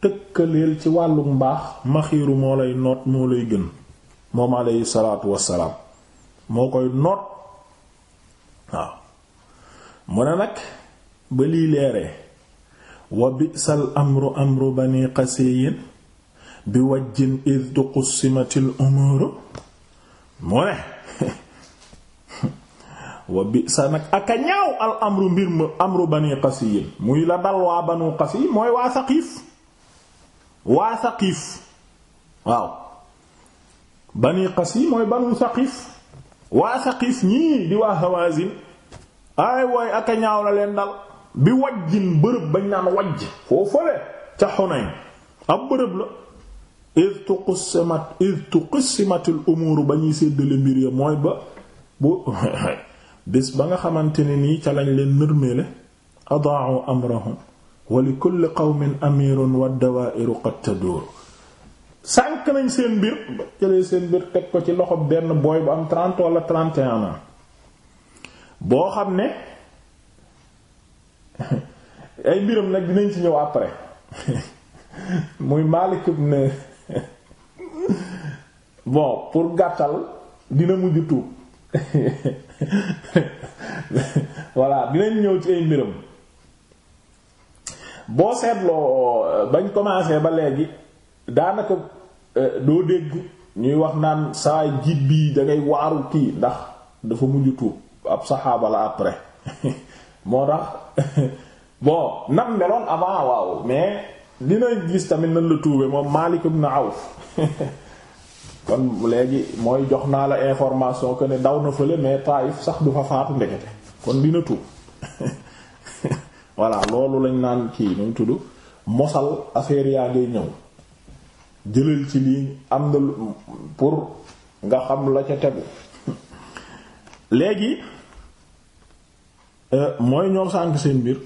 tëkkaleel ci wàllu mbaax maxiiru moo lay noot moo lay gën moom aleyhi salaatu wassalaam moo koy noot waaw mu ne nag ba lii leeree wa bi'sal amru amru bani qasiyin bi wajjin id tuqsimatil umuru mu ne wa bi sa nag aka ñaaw al amru mbir ma amru bani qasiyin muy la dal waa banu qasi mooy waa saqiif waa saqiif waaw bani qasi mooy banu saqiif waa saqiif ñii di waa hawazin ay wooy aka ñaaw la leen dal bi wajjin bërëb bañ naan wajj foofale ca xunayn ab bërëb la id tuqsimat id tuqsimatil umuur ba ñuy séddale mbir ya mooy ba bu [LAUGHS] bés ba nga xamante ne nii ca lañ leen nërmeele adaa'u amrahum wa li kulli qawmin amirun wa dawaa'iru qad taduur sànk nañ seen mbir ba jëlee seen mbir teg ko ci loxo benn booy bu am 30 wala 31 ans boo xam ne [LAUGHS] ay mbiram nag dinañ ci ñëw après [LAUGHS] muy Maalik ibn [LAUGHS] bon pour gàttal dina mujj tuub [LAUGHS] voilà dinañ ñëw ci ay mbiram boo seetloo euh, bañ commencé ba léegi daanaka euh, doo dégg ñuy wax naan saa jiit bi dangay ngay waaru kii ndax dafa mujj tuub ab saxaaba la après [LAUGHS] moo tax [LAUGHS] bon nam meloon avant waaw mais dina gis tamit nan la tuube moom Maalik ibn Awf kon léegi mooy jox naa la information que ne daw na fële mais Taif sax du fa faatu ndekete kon dina tuub [LAUGHS] voilà loolu lañ naan kii nu tudd mosal affaire yaa ngay ñëw jëlal ci lii am na pour nga xam la ca tegu [LAUGHS] léegi euh, mooy ñoo sànk seen mbir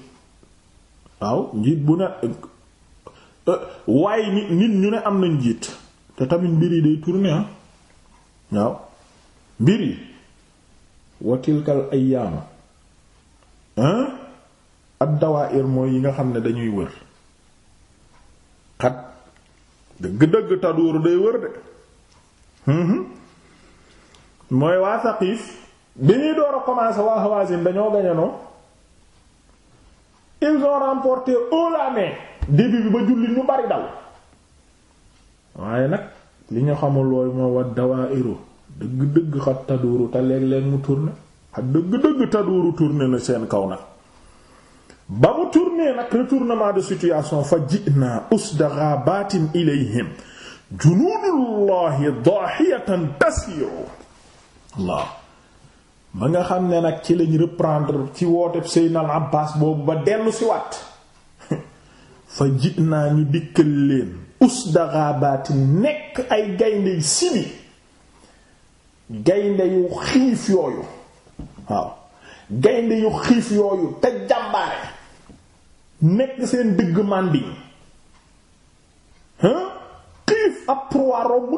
waaw njiit bu ne euh, waaye nit ñu ne am na njiit te tamit mbir yi day tourner ah waaw mbir yi wa tilkal ayyaama ad dawaa'ir mooy yi nga xam ne dañuy wër xat dëgg-dëgg taduuru day wër de mooy waa Saqiif bi ñuy door a commencer waa dañoo gañanoo ils ont remporté haut la main début bi ba jullit ñu bari daw waaye nag li ñu xamul looy moo wa dawaa'iru dëgg-dëgg xat taduuru te léeg mu tourné xat dëgg-dëgg taduuru tourné na seen kaw nag ba mu tourné nag retournement de situation fa ji'na usda ghabatin ba nga xam ne nag ci lañ ci woote Seydina boobu ba dellu si [LAUGHS] ñu dikkal leen usdaxaabaati nekk ay gaynde yu sibi gaynde yu xiif yooyu waaw gaynde yu xiif yooyu te jàmbaare nekk seen digg màndiñ hein xiif ab proie robb bu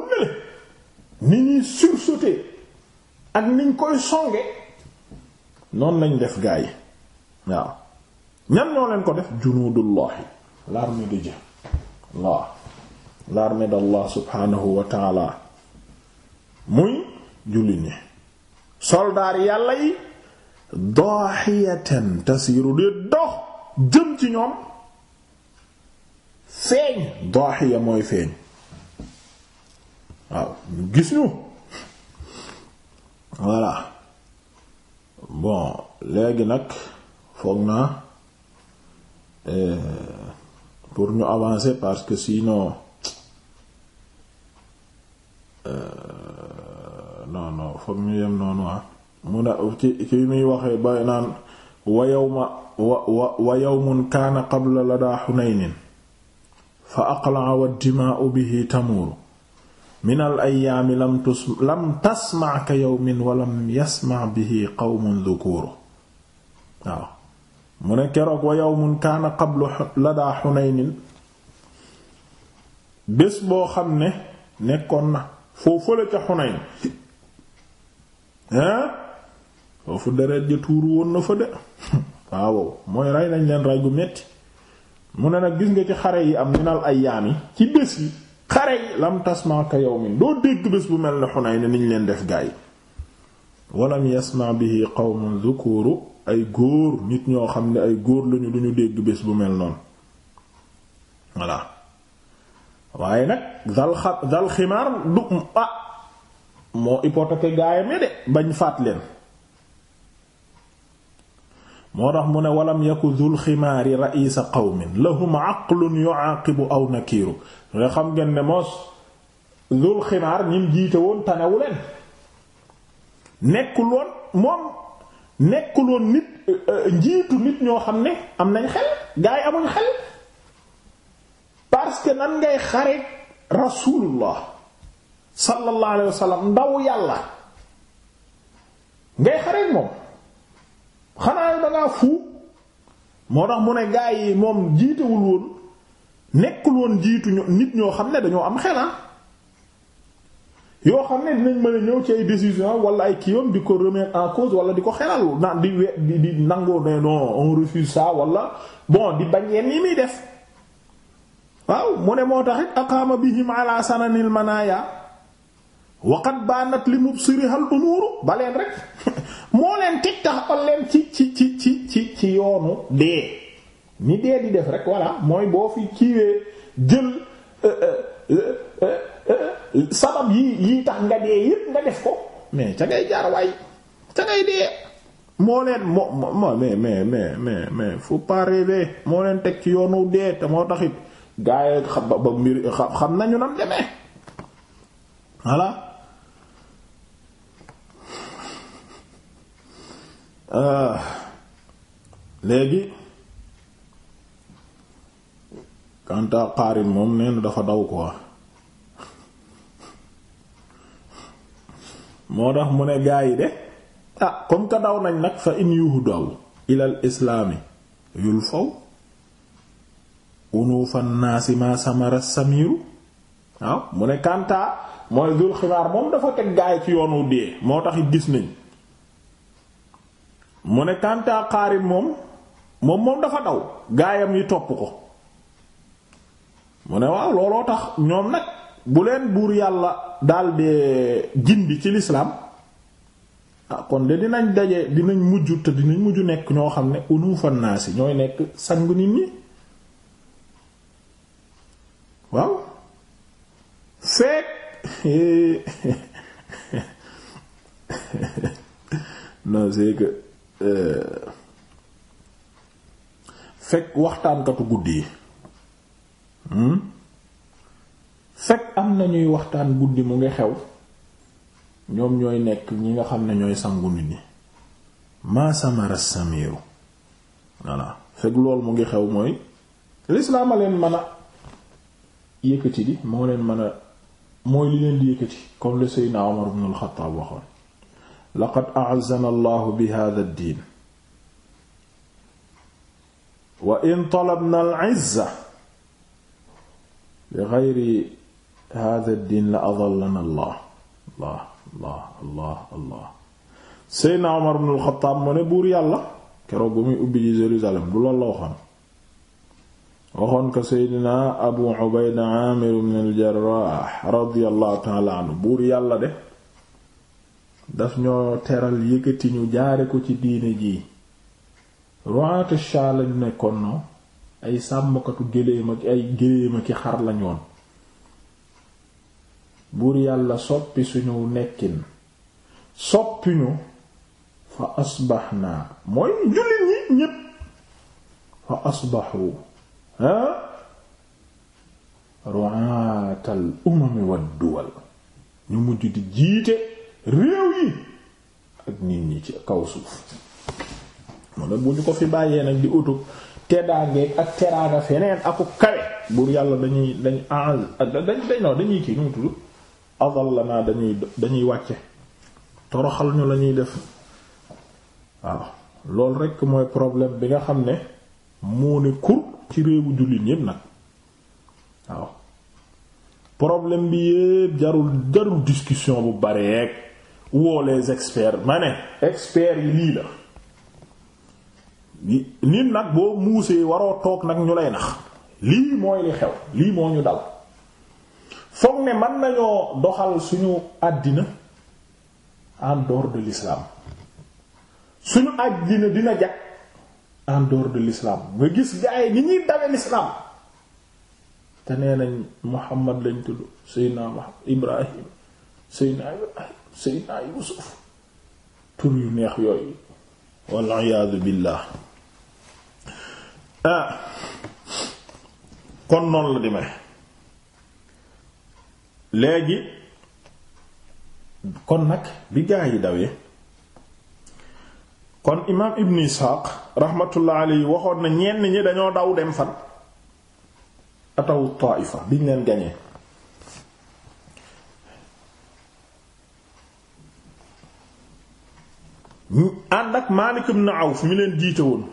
ni ñuy sursauter ak niñ koy songe noon lañ def gaa yi waaw ñan ñoo leen ko def junuudullahi l'armée de Dieu l'armée d'Allah subhaanahu wa taala muy jullit ñi soldaar yàlla yi daaxiyatan tasiiru di dox jëm ci ñoom feeñ daaxiya mooy feeñ waaw gis ñu voilà bon léegi nag foog naa eh, pour ñu avancer parce que sinon Euh, non non foog ñu yem ah. mu ne ci ci muy waxee ba wa yawma wa wa wa yawmun kaana qabla ladaa Hunaynin fa aqla'a wa dimaa'u bihi tamuuru min al lam tasma' ka yawmin wa lam yasma' bihi qawmun dhukuuru wa yawmun kaana qabla ladaa Hunaynin bés boo xam ne nekkoon na foo fële ca Xunayn hein foofu deret ja tuuru woon na fa de [LAUGHS] waaw mooy rey nañ leen rey gu metti mu ne nag gis nga ci xare yi am minal ayyaami ci bés yi xare yi lam tasma ka yawmin doo dégg bés bu mel ni Xunayn niñ leen def gaay walam yasma bihi qawmun dhukuru ay góor nit ñoo xam ne ay góor lañu duñu dégg bés bu mel noonu voilà waaye nag dal xa dal ximaar du ah moo hypothéqué gaayam yi de bañ faat leen moo tax mu ne walam yaku dul ximaari raisa qawmin lahum aqlun yu'aqibu aw nakiiru nga xam ngeen ne moos dul ximaar ñim jiite woon tanewu leen nekkul woon moom nekkul woon nit eh, eh, njiitu nit ñoo xam ne am nañ xel gaay amuñ xel parce que nan ngay xareek rasulullah sallallahu alayhi wasallam ndaw yàlla ngay xareek moom xanaa dangaa fuu moo tax mu ne gaa yi moom jiitewul woon nekkul woon jiitu nit ñoo xam ne dañoo am xelaa ah. yoo xam ne dinañ mën a ñëw ci ay décision wala ay kiiwam di ko remettre en cause wala di ko xelal naan di we di nangoo ne non on refuse ça wala bon di bañ yenn yi muy def waaw mu ne moo tax it aqaama bihim ala sananil manaya waqat baanat li mubsiriha al umuuru ba leen rek [LAUGHS] moo leen teg taxawal leen ci ci ci ci ci ci yoonu dee ni dee di def rek voilà mooy boo fi kiiwee jël euh, euh, euh, sabab yi yi tax nga dee yépp nga def ko mais ca ngay jaar waay ca ngay dee moo leen moo mais mais mais mais mais faut moo leen teg ci yoonu dee te moo taxit gaay xam ba mbir xam nañu nam demee voilà euh, léegi kanta xaarin moom nee na dafa daw quoi moo tax mu ne gaa yi de ah comme que daw nañ nag fa in yuhu daw ilal islaami yul faw unufan naasi ma samara samiru waaw mu ne kantaa mooy dul xibaar moom dafa teg gaay ci yoonu dee moo tax it gis nañ mu ne kantaa xaarib moom moom moom dafa daw gaayam yi topp ko mu ne waaw looloo tax ñoom nag bu leen buur yàlla daldee bi ci lislaam ah, kon de dinañ daje dinañ mujj te dinañ mujj nekk ñoo xam ne unufan naasi ñooy nekk sangu nit ñi waaw feek euh, fekk waxtaankatu guddi yi hmm? fekk am na ñuy waxtaan guddi mu ngi xew ñoom ñooy nekk ñi nga xam ne ñooy sangu nit ñi maa samara samiru voilà fekk lool mu ngi xew mooy lislaama leen yëkkati bi moo leen mën a li leen di yëkkati comme le Seydina Omar ibn al-Khattab waxoon laqad a'azzana Allahu bi hadha ad-din talabna al bi ghayri hadha ad la adallana Allah Allah Allah Allah Allah Seydina mu ne buur yàlla keroog ubbi Jérusalem du la waxoon waxoon ko seydina abu ubayda amir ibn al jarrah radiyallahu taala buur yàlla de daf ñoo teral yëkkati ñu jaare ko ci diine ji ru'atu sha lañu nekkoon no ay sàmmkatu géléem ak ay géléem ak xar lañoon buur yàlla soppi suñu nekkin soppi ñu fa asbaxnaa mooy jullit ñi ñépp fa asbaxu ru'aatal umami wa ñu mujj di jiite réew yi ak nit ñi ci kaw suuf mu ne bu ñu ko fi bàyyee nag di utub teddaangeeg ak teraanga feneen aku kawe buur yàlla dañuy dañ dañ dañ no dañuy kii nu tudd adal la naa dañuy dañuy wàcce toroxal ñu lañuy def waaw loolu rekk mooy problème bi nga xam ne moo ne kur ci réewu jullit ñépp nag waaw problème bi yépp jarul jarul discussion bu bareek woo les experts ma ne experts yi lii la nit nag boo muusee waroo toog nag ñu lay nax lii mooy li xew lii moo ñu dal foog ne mën nañoo doxal suñu àddina en dehors de l'islam suñu àddina dina jag en dehors de l'islam nga gis gaa yi ni ñuy dawe l'islam te nee nañ Muhammad lañ tudd Seydina Ibrahim Seydina Ibrahim Seydina Yusuf tur yu neex yooyu walla iyaadu billaah ah kon noonu la demee léegi kon nag bi gaa yi dawee kon imaam ibn isxaaq rahmatullah waxoon na ñenn ñi dañoo daw dem fan atawu taaifa biñ leen gañee ànd ak na ibn awf mi leen jiite woon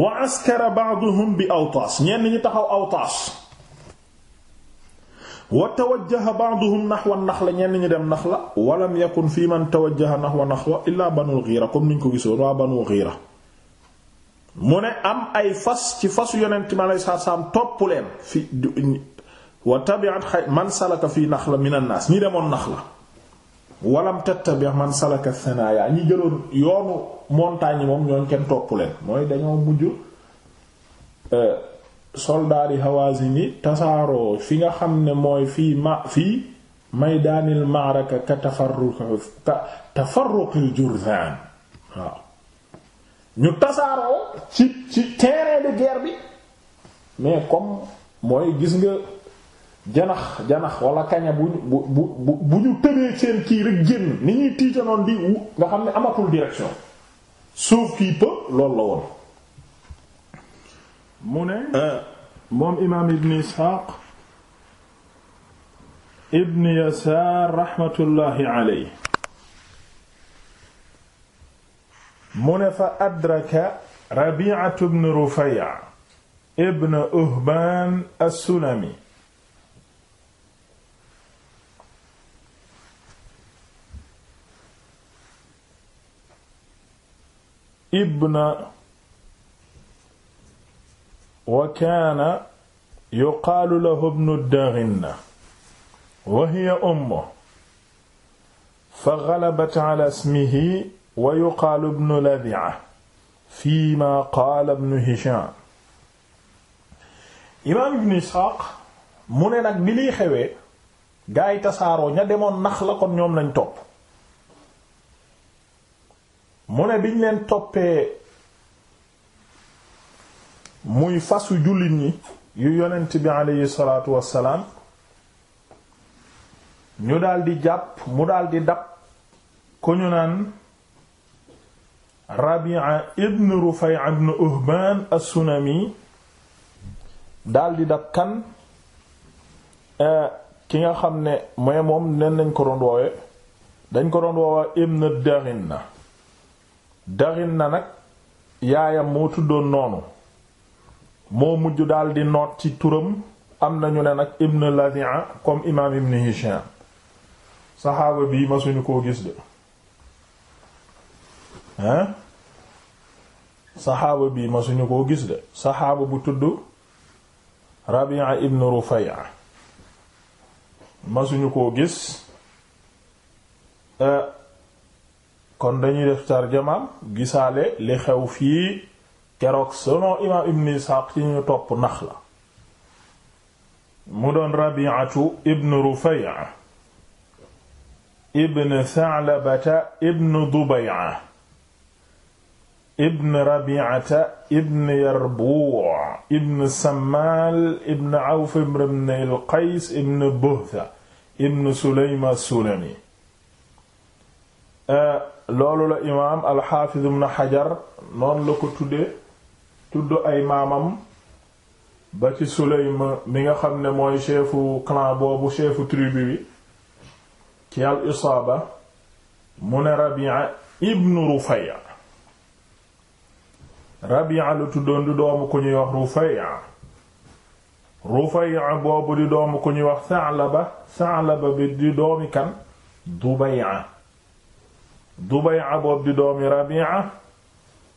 wa askara ba'duhum bi awtaas ñenn ñi taxaw awtaas wa tawajjaha ba'duhum nahwa la ñenn ñu dem naxla walam yakun fii man nax tawajjaha nahwa naxwa illaa banul xiira comme niñ ko gisoon waa banul xiira mu ne am ay fas ci fasu yonent ki alayhi salaatu salaam topp leen fi wa tabi'at man salaka fii naxla min an-naas ñi demoon naxla walam tattabi' man salaka thanaaya ñi jëloon yoonu montagne yi moom ñooñ kenn topp leen mooy dañoo mujj euh, soldaari Hawazin yi tasaaroo fi nga xam ne mooy fii ma fii maydaanil ma'raka ka tafarruqi ka tafarruqil Jurdaan waaw ñu tasaaroo ci ci terrain de guerre bi mais comme mooy gis nga janax janax wala kaña bu bu bu bu ñu tënee seen kii rek génn ni ñuy tiitanoon di nga xam ne amatul direction sauf kii peu loolu la woon mu ne ah. moom imaam ibn isxaaq ibn yasaar raxmatullaahi aley mu ne fa adraka rabiicatu bn rufaya ibn uhbaan assulami ibna wa kaana yuqaalu lahu ibnu daxinna wa hiya ummuhu fa galabat ala ismihi wa yuqaalu ibnu ladia fiima qaala ibnu hisham imaam ibnu isxaaq mu ne nag bi liy xewee tasaaroo ña demoon nax la kon ñoom lañ topp mu ne biñ leen toppee muy fasu jullit ñi yu yonent bi aleyhi salaatu wassalaam ñu daldi jàpp mu daldi dab ku ñu naan Rabi'a ibn Rufay' ibn Uhban as-Sunami daldi dab kan eh, ki nga xam ne mooy moom nen nañ ko doon woowe dañ ko doon woowe ibn Daghina na nag yaayam moo tuddoon noonu moo mujj daal di noot ci turam am na ñu ne nag ibn Lazi'a comme imaam ibn Hisham saxaaba bii ma suñu koo gis de saxaaba bii ma koo gis bu tudd Rabi'a ibn Rufay'a ma suñu koo gis euh, kon dañuy def tarjamaam gisaale li xew fii keroog selon imaam ibn isxaaq ci ñu topp nax la mu doon rabiatu ibn rufaya ibn saalabata ibn dubaya ibn rabiata ibn yarbu ibn sammaal ibn awf ibn ilqays ibn buhtha ibn suleyma sulami loolu la imaam alxaafiz ibn xajar noonu la ko tuddee tudd ay maamam ba ci Sulaym mi nga xam ne mooy chefu clan boobu chefu tribu bi ci al isaaba mu ne Rabi'a ibnu Rufay'a Rabi'a lu tuddoon di doomu ku ñuy wax Rufay'a Rufay'a boobu di doomu ku ñuy wax Sa'laba Sa'laba bi di doomi kan Dubay'a Dubay'a boobu di doomi Rabi'a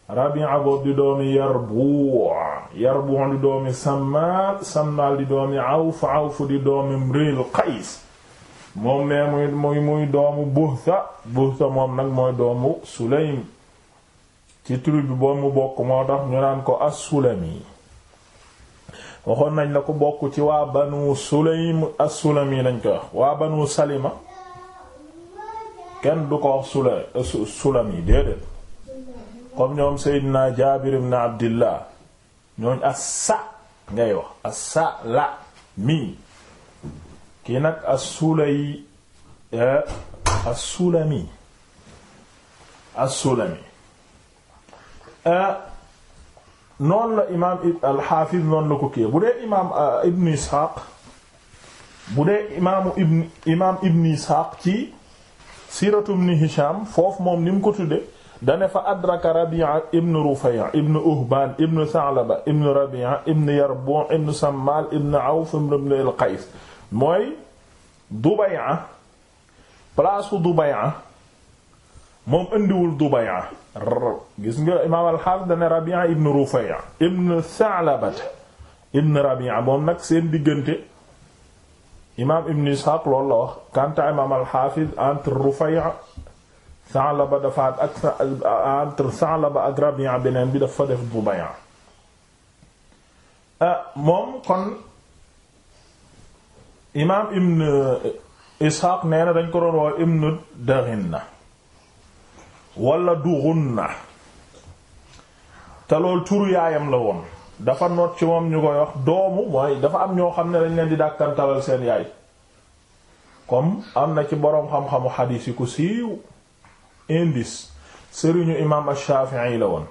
Rabi'a boobu di doomi Yarbu' Yarbu' di doomi Sammaal Sammaal di doomi Awf Awf di doomi Imri'il Qays moom ne muy muy doomu Buhtha Buhtha moom nag mooy doomu Sulaym ci tribu bi mu bokk moo tax ñu naan ko as waxoon nañ la ko bokk ci waa Banu Sulaym as-Sulami lañ ko wax waa Banu Salima kenn du ko wax Sulami déedéet comme ñoom Seydina Jaabir ibn Abdillah ñooñ assa ngay wax assa la mi kii nag as-Sulay eh, as-Sulami as-Sulami eh, noon la imaam al-Hafiz la ko kii bu dee imaam eh, Ibn Ishaq bu dee imaam Ibn Ishaq ci siiratu Ibn Hisham foofu moom ni mu ko tudde dane fa adraka rabia ibn rufaya ibn uhban ibn thalaba ibn rabia ibn yarbu ibn sammal ibn awf ibn al mooy dubaya place u moom indiwul dubaya gis nga imaam alxaafis dane rabia ibn rufaya ibn thalaba ibn rabia moom nag seen diggante imaam ibn isxaaq loolu kanta imaam alxaafis entre rufaya Sa'laba dafa ak entre Sa'laba ak Rabi'a beneen bi dafa def bu bayan ah, moom kon imaam Ibn Ishaq nee na dañ ko doon woo Ibn Daghinna wala Dughunna te loolu turu yaayam la woon dafa noot ci moom ñu koy wax doomu mooy dafa am ñoo xam ne dañ leen di dàkkantalal seen yaay comme am na ci boroom xam-xamu xadiis ku siiw indice sëriñu imaam Shaafi'i la woon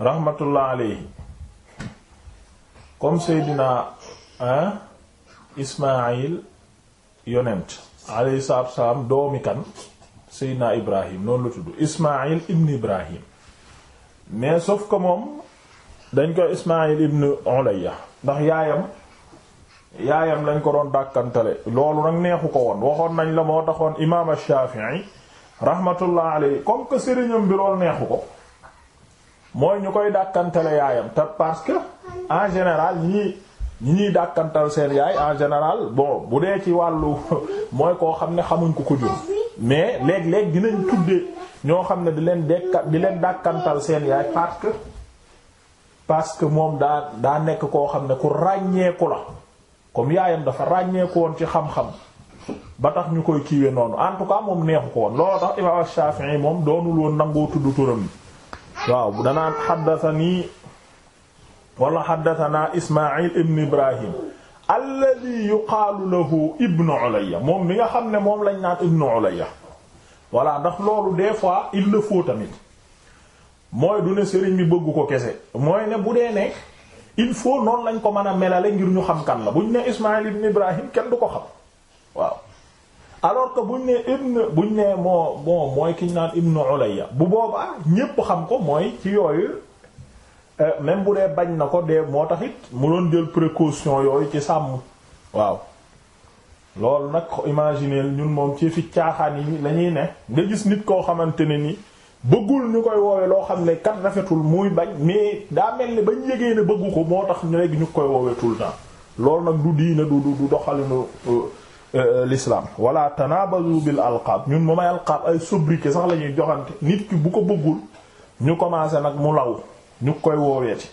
rahmatullah alayhi comme Seydina Ismaayil yonent alayhi salaatu wa salaam doomi kan Seydina Ibrahim noonu la tudd Ismaayil ibn Ibrahim mais sauf que moom dañ ko Ismaayil ibn Ulayya ndax yaayam yaayam lañ ko doon dàkkantale loolu nag neexu ko woon waxoon nañ la moo taxoon imaam Shaafi'i rahmatullah alayhi comme que sëriñam bi lool neexu ko mooy ñu koy dàkkantale yaayam te parce que en général ñi ñi ñuy dàkkantal seen yaay en général bon bu dee ci wàllu [LAUGHS] mooy koo xam ne xamuñ ko ko jur mais léeg-léeg dinañ tuddee ñoo xam ne di leen dekka di leen dàkkantal seen yaay parce que parce que moom daa daa nekk koo xam ne ku ràññeeku la comme yaayam dafa ràññeeku woon ci xam-xam ba tax ñu koy kiiwe noonu en tout cas moom neexu ko woon looloo tax imaam Shafi'i moom doonul woon nangoo tudd turam waaw danaan xaddathanii wala xaddathanaa Ismaa'il ibn Ibrahim alladhi yuqaalu lahu Ibn Ulayya moom mi nga xam ne moom lañ naan Ibn Ulayya voilà ndax loolu des fois il le faut tamit mooy du ne sëriñ bi bëgg ko kese mooy ne bu dee ne il faut noonu lañ ko mën a melale ngir ñu xam kan la buñ ne Ismaa'il ibn Ibrahim kenn du ko xam waaw alors que buñ ne ibn buñ ne moo bon mooy ki ñu naan ibn Ulayya bu boobaa ñépp xam ko mooy ci yooyu euh, même bu dee bañ na ko dee moo taxit mu doon jël précaution yooyu ci sàmm waaw loolu nag imaginer ñun moom ci fi caaxaan yi lañuy ne nga gis nit koo xamante ne ni bëggul ñu koy woowe loo xam ne kat rafetul muy bañ mais daa mel ni bañ yégee ne bëggu ko moo tax léegi ñu koy woowe tout temps loolu nag du diine du du doxalinu euh, Euh, l'islam wala tanabazu bil alqaab ñun moom ay alqaab ay sobriquet sax la ñuy joxante nit ki bu ko bëggul ñu commencé nag mu law ñu koy wooweeti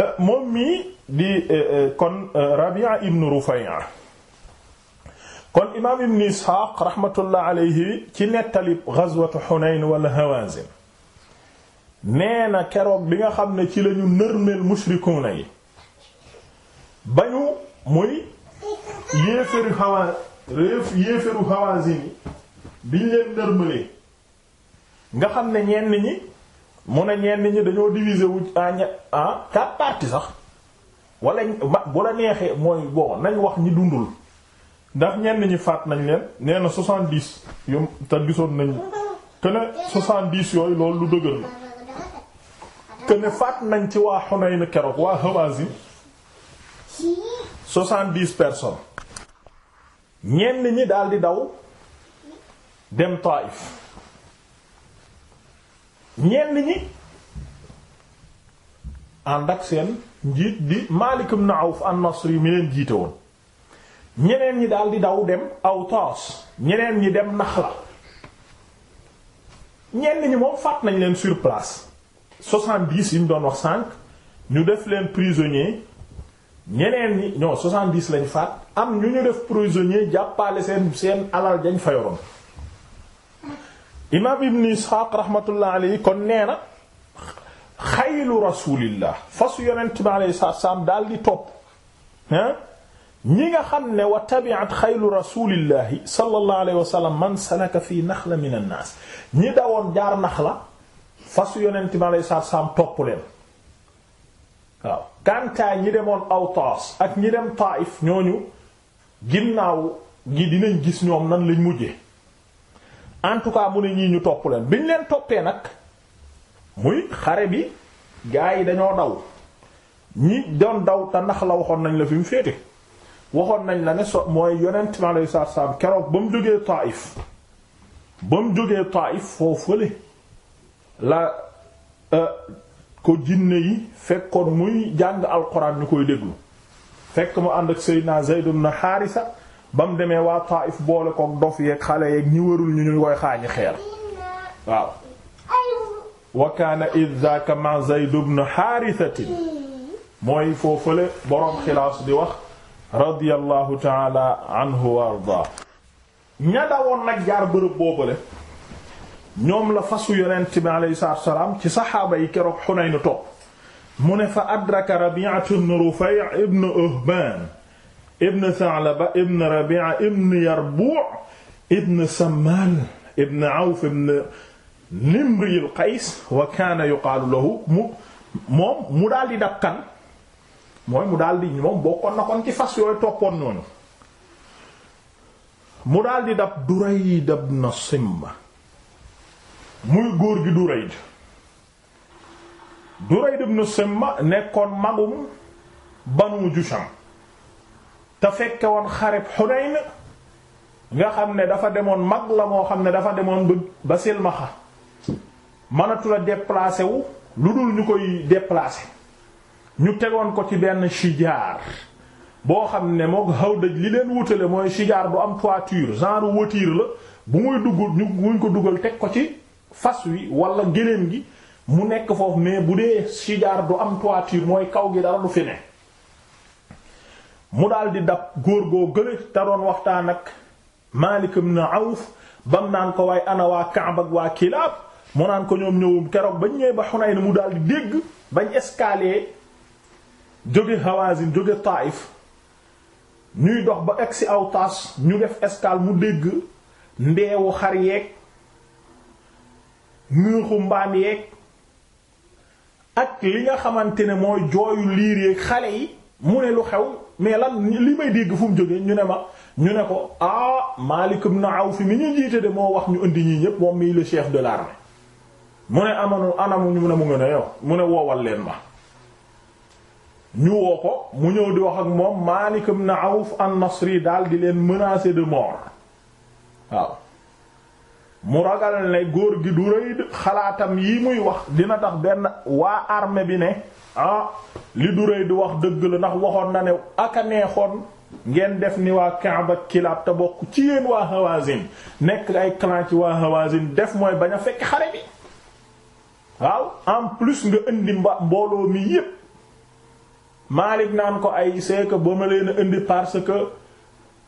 euh, moom mii di euh, kon Rabi'a ibn Rufay'a kon imaam ibn Isxaaq rahmatullah alayhi ci nettali ghazwatu Hunayn wala Hawaazin nee na keroog bi nga xam ne ci lañu nërmeel mushrikuuna yi bañu muy yéeféru xawaa yéeféru Hawazin yi biñ leen nërmalee nga xam ne ñenn ñi mu ne ñenn ñi dañoo diviser wu en quatre sax wala bu la neexee mooy bon nañ wax ñi dundul ndax ñenn ñi faat nañ leen nee na soixante-dix yu te gisoon nañ kene soixante-dix yooyu loolu dëgër la kene faat nañ ci waa Hunayn keroog waa Hawazin soixante-dix personnes ñenn ñi daal di daw dem Taif ñenn ñi ànd ak seen njiit di Maalik ibn Awf an-Nasri mi leen jiite woon ñeneen ñi daal daw dem aw Awtaas ñeneen ñi dem Naxla ñenn ñi moom faat nañ leen sur place soixante-dix yi ñu doon wax cinq ñu def leen prisonnier ñeneen ñi ñoo 70 lañ faat am ñu ñu def prisonnier jàppale seen seen alal jañ fa yoroon imaam ibn Isxaaq rahmatullah alayhi kon nee na xaylu rasulillah fasu yonent bi alayhi salaam daal di topp ah ñi nga xam ne wa tabi'at xaylu rasulillahi sallallahu alayhi wa man salaka fi naxla min an-naas ñi dawoon jaar naxla fasu yonent bi alayhi salaam topp leen waaw kantaa ñi demoon aw Awtaas ak ñi dem Taif ñooñu ginnaaw gi dinañ gis ñoom nan lañ mujje en tout cas mu ne ñu topp leen biñ leen toppee nag muy xare bi gaa yi dañoo daw ñi doon daw te ndax la waxoon nañ la fi mu féete waxoon nañ la ne so mooy yonent mi alayhi keroog ba mu jógee Taif ba mu jógee Taif foofu fële la euh, ko jinne yi fekkoon muy jàng alxuraan ñu koy déglu fekk mu ànd ak Seydina Zayd ibn Haarisa ba demee waa Taif boole kook dof yeeg xale yeeg ñi warul ñu ñu koy xaañi xeer waaw wa kaana id zaaka ma Zayd ibn Haarisatin mooy foofale boroom xilaas di wax radiyallahu taala anhu wa ardaa ña dawoon nag jaar bërëb boobale ñoom la fasu yonent bi alayhi salaatu wa salaam ci saxaaba yi keroog Xunayn topp mu ne fa adraka Rabi'atu ibn Rufay' ibn Uhban ibn Tha'laba ibn Rabi'a ibn Yarbu' ibn Sammal ibn Awf ibn Nimri al wa kaana yuqaalu lahu mu moom mu daal di dab kan mooy mu daal di moom bokkoon na kon ci fas yooyu toppoon noonu mu daal di dab Durayd ibn Simma muy góor gi du Durayd ibn Simma nekkoon magum Banu Jusham te fekke woon xareb Hunayn nga xam ne dafa demoon mag la moo xam ne dafa demoon ba silmaxa mënatula déplacé wu lu dul ñu koy déplacé ñu tegoon ko ci benn shijaar boo xam ne mook hawdaj li leen wutale mooy shijaar bu am toiture genre voiture la bu muy dugg ñu ko dugal teg ko ci fas wi walla gëléem gi mu nekk foofu mais bu dee sijaar du am toiture mooy kaw gi dara du fi mu daal di dab góor goo gële te doon waxtaan ak Maalik ibn Awf bam naan ko waaye ana waa Kaab ak waa Kilaab mu naan ko ñoom ñëwum keroog bañ ñëwee ba Xunayn mu daal di dégg bañ escalier jóge Hawazin jóge Taif ñuy dox ba aw Awtaas ñu def escale mu dégg ndeewu xar yeeg ñuuxu mbaam yeeg ak li nga xamante ne mooy jooyu liir xale yi mu ne lu xew mais lan li may dégg fu mu jógee ñu ne ma ñu ne ko ah Malik ibn Awf mi ñu jiite de moo wax ñu indi ñii ñépp moom mii le chef de l'armée mu ne amanu anamu ñu ne mu ngi ne yow mu ne woowal leen ma ñu woo ko mu ñëw di wax ak moom Malik na Awf an-Nasri daal di leen menacer de mort waaw mu ragal ne góor gi du rëy xalaatam yi muy wax dina tax benn waa arme bi ne ah li du rëy di wax dëgg la ndax waxoon na ne ak a neexoon ngeen def ni waa Kaab ak te bokk ci yéen waa Hawazin nekk ay clan ci waa Hawazin def mooy bañ a fekk xare bi waaw en plus nga indi mba mbooloo mi yépp Maalik naan ko ay c'est que ba ma leen indi parce que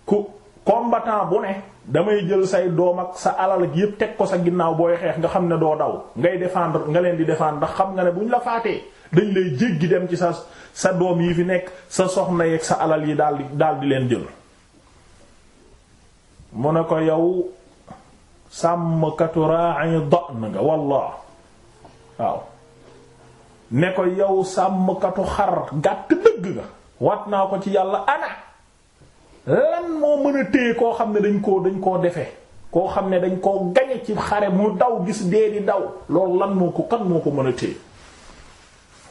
ku. combattant bu ne damay jël say doom ak sa alal ak yépp teg ko sa ginnaaw booy xeex nga xam ne doo daw ngay défendre nga leen di défendre ndax xam nga ne bu ñu la faatee dañ lay jéggi dem ci sa sa doom yi fi nekk sa soxna yeeg sa alal yi daal di daal di leen jël. mu ne ko yow sàmmkatu ra'i da'n nga wallah waaw ne ko yow sàmmkatu xar gàtt dëgg nga wat naa ko ci yàlla ana. lan moo mën a koo xam ne dañ koo dañ koo defe koo xam ne dañ koo gañe ci xare mu daw gis dee di daw lool lan moo ko kan moo ko mën a téye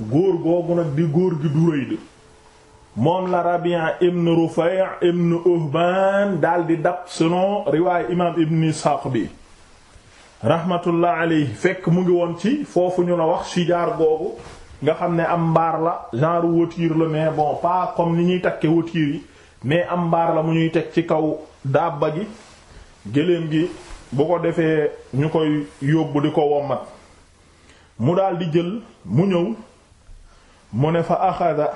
góor googu nag di góor gi du rëy de moom la Rabi'a ibn Rufay' ibn Uhban daal di dab selon riwaay imaam ibn Ishaq bi rahmatullah alayhi fekk mu ngi woon ci foofu ñu la wax sijaar googu nga xam ne am mbaar la genre voiture le mais bon pas comme ni ñuy takke voiture yi mais am mbaar la mu ñuy teg ci kaw dabba gi gëléem gi bu ko defee ñu koy yóbbu di ko wommat mu daldi jël mu ñëw mu ne fa axada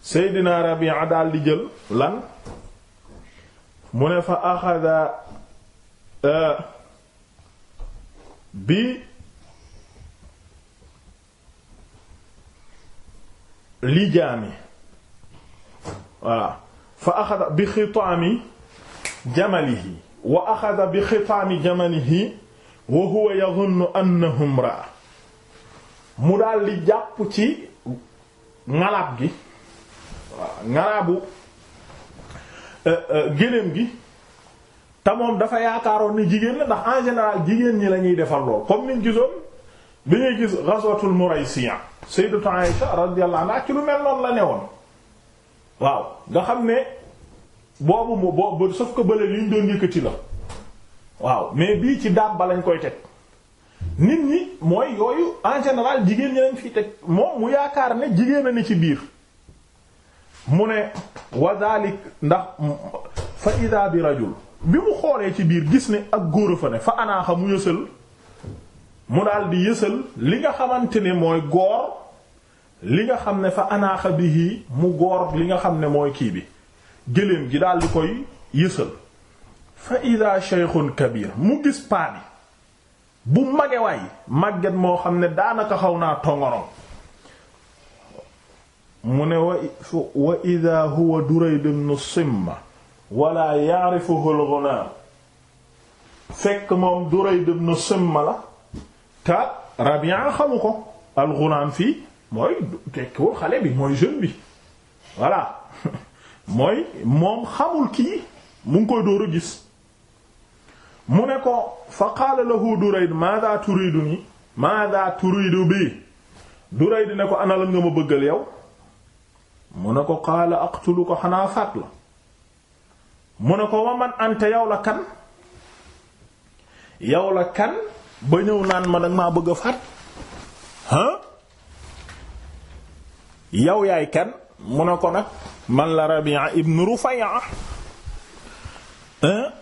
seydina Rabi'a daldi jël lan mu ne fa axada euh, bi lijaami voilà fa axada bi xitaami jamalihi wa axada bi xitaami jamalihi wa huwa yadhunnu annahu imra'a mu daal di jàpp ci ngalaab gi waaw ngalaabu euh, euh, géléem gi te moom dafa yaakaaroon ni jigéen la ndax en général jigéen ñi la ñuy defal lool comme niñ gisoon bi ñuy gis ghazwatul Muraysiya sayyidatu Aisha radiyallahu anha ci lu mel noonu la woon waaw nga xam ne boobu mu boobu sauf que bële li ñu doon yëkkati la waaw mais bii ci dabba lañ koy teg nit ñi mooy yooyu en général jigéen ñi lañ fi teg moom mu yaakaar ne jigéen a ni ci biir mu ne wa ndax fa ida bi rajul bi mu xoolee ci biir gis ne ak góor a fa ne fa anaaxa mu yësal mu daal yësal li nga xamante ne mooy góor li nga xam ne fa anaaxa bihi mu goor li nga xam ne mooy kii bi gëléem gi daal di koy yësal fa ida shaykhun kabir mu gis paa bu mage waay màgget moo xam ne daanaka xaw naa tongorong mu ne wa ida huwa durayd ibn simma wala ya'rifuhu al-ghulam fekk moom durayd ibn simma la te rabi'a xamu ko al-ghulam fii mooy tekkiwul xale bi mooy jeune bi voilà [LAUGHS] mooy moom xamul kii mu ngi koy dóor a gis mu ne ko fa du lahu Durayd maada turidu ni maada turidu bi Durayd ne ko ana lan nga ma bëggal yow mu ne ko qaala aqtulu ko xanaa faat la mu ne ko wa man anta yow la kan yow la kan ba ñëw naan ma danga maa bëgg a faat ha yow yaay kan mu ne ko nag man la Rabi'a ibn Rufay'a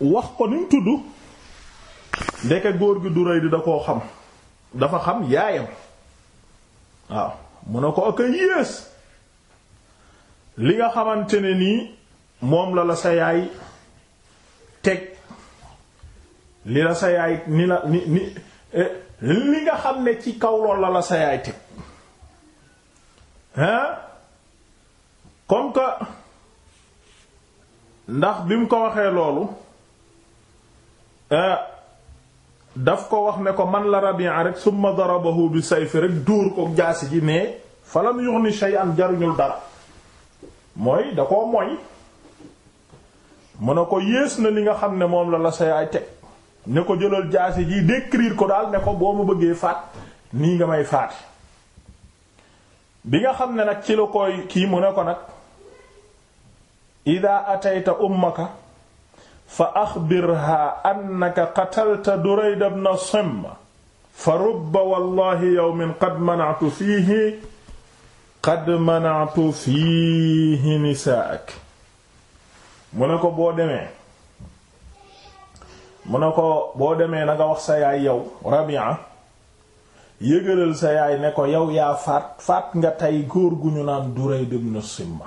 wax ko ni mu tudd ndeke góor gi du rëy di da koo xam dafa xam yaayam waaw mu ne ko ak a yées li nga xamante ne nii moom la la sa yaay teg li la sa yaay ni la ni ni eh, li nga xam ne ci kaw lool la la sa yaay teg hein comme que ndax bi mu ko waxee loolu daf ko wax ne ko man la Rabi'a rek summa darabahu bi say fi rek dóor ko jaasi ji mais falam yughni shay'an jaruñul dara mooy da koo moy mu ne ko yées na li nga xam ne moom la la sa yaay teg ne ko jëlal jaasi ji décrire ko daal ne ko boo ma bëggee faat nii nga may faati bi nga xam ne nag ci la koy kii mu ne ko nag ida atayta ummaka fa axbirha annaka qatalta durayd ibn simm fa rubba wallahi yawmin qad mana'tu fiihi nisaak mu ne ko boo demee mu ne ko boo demee na nga wax sa yaay yow Rabi'a yëgalal sa yaay ne ko yow yaa faat faat nga tey góor gu ñu naan duray dem na simma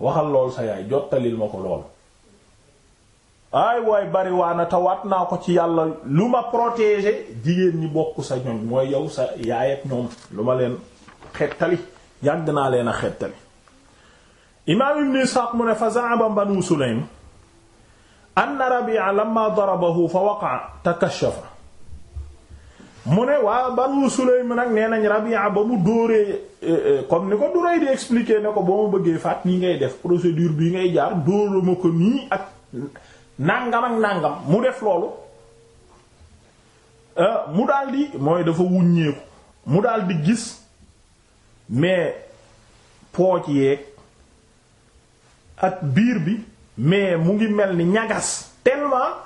waxal lool sa yaay jottalil ma ko lool ay waay bariwaana te waat naa ko ci yàlla lu ma protéger jigéen ñi bokk sa ñoñ mooy yow sa yaay ñoom lu ma leen xettali yàgg naa leen a xettali imaam ibn Isxaaq mu ne fa ban banu Sulaym anna Rabi'a lamma darabahu fa waqa'a takashafa mu ne waa Banu Sulaym nag nee nañ Rabi'a ba mu dóoree eh, eh, comme ni ko Duray di expliquer ne ko boo ma bëggee faat ni ngay def procédure bi ngay jaar dóora ko nii ak nangam ak nàngam mu def loolu eh, mu daldi mooy dafa wuññeeku mu daldi gis mais pooc yeeg ak biir bi mais mu ngi mel ni ñagas tellement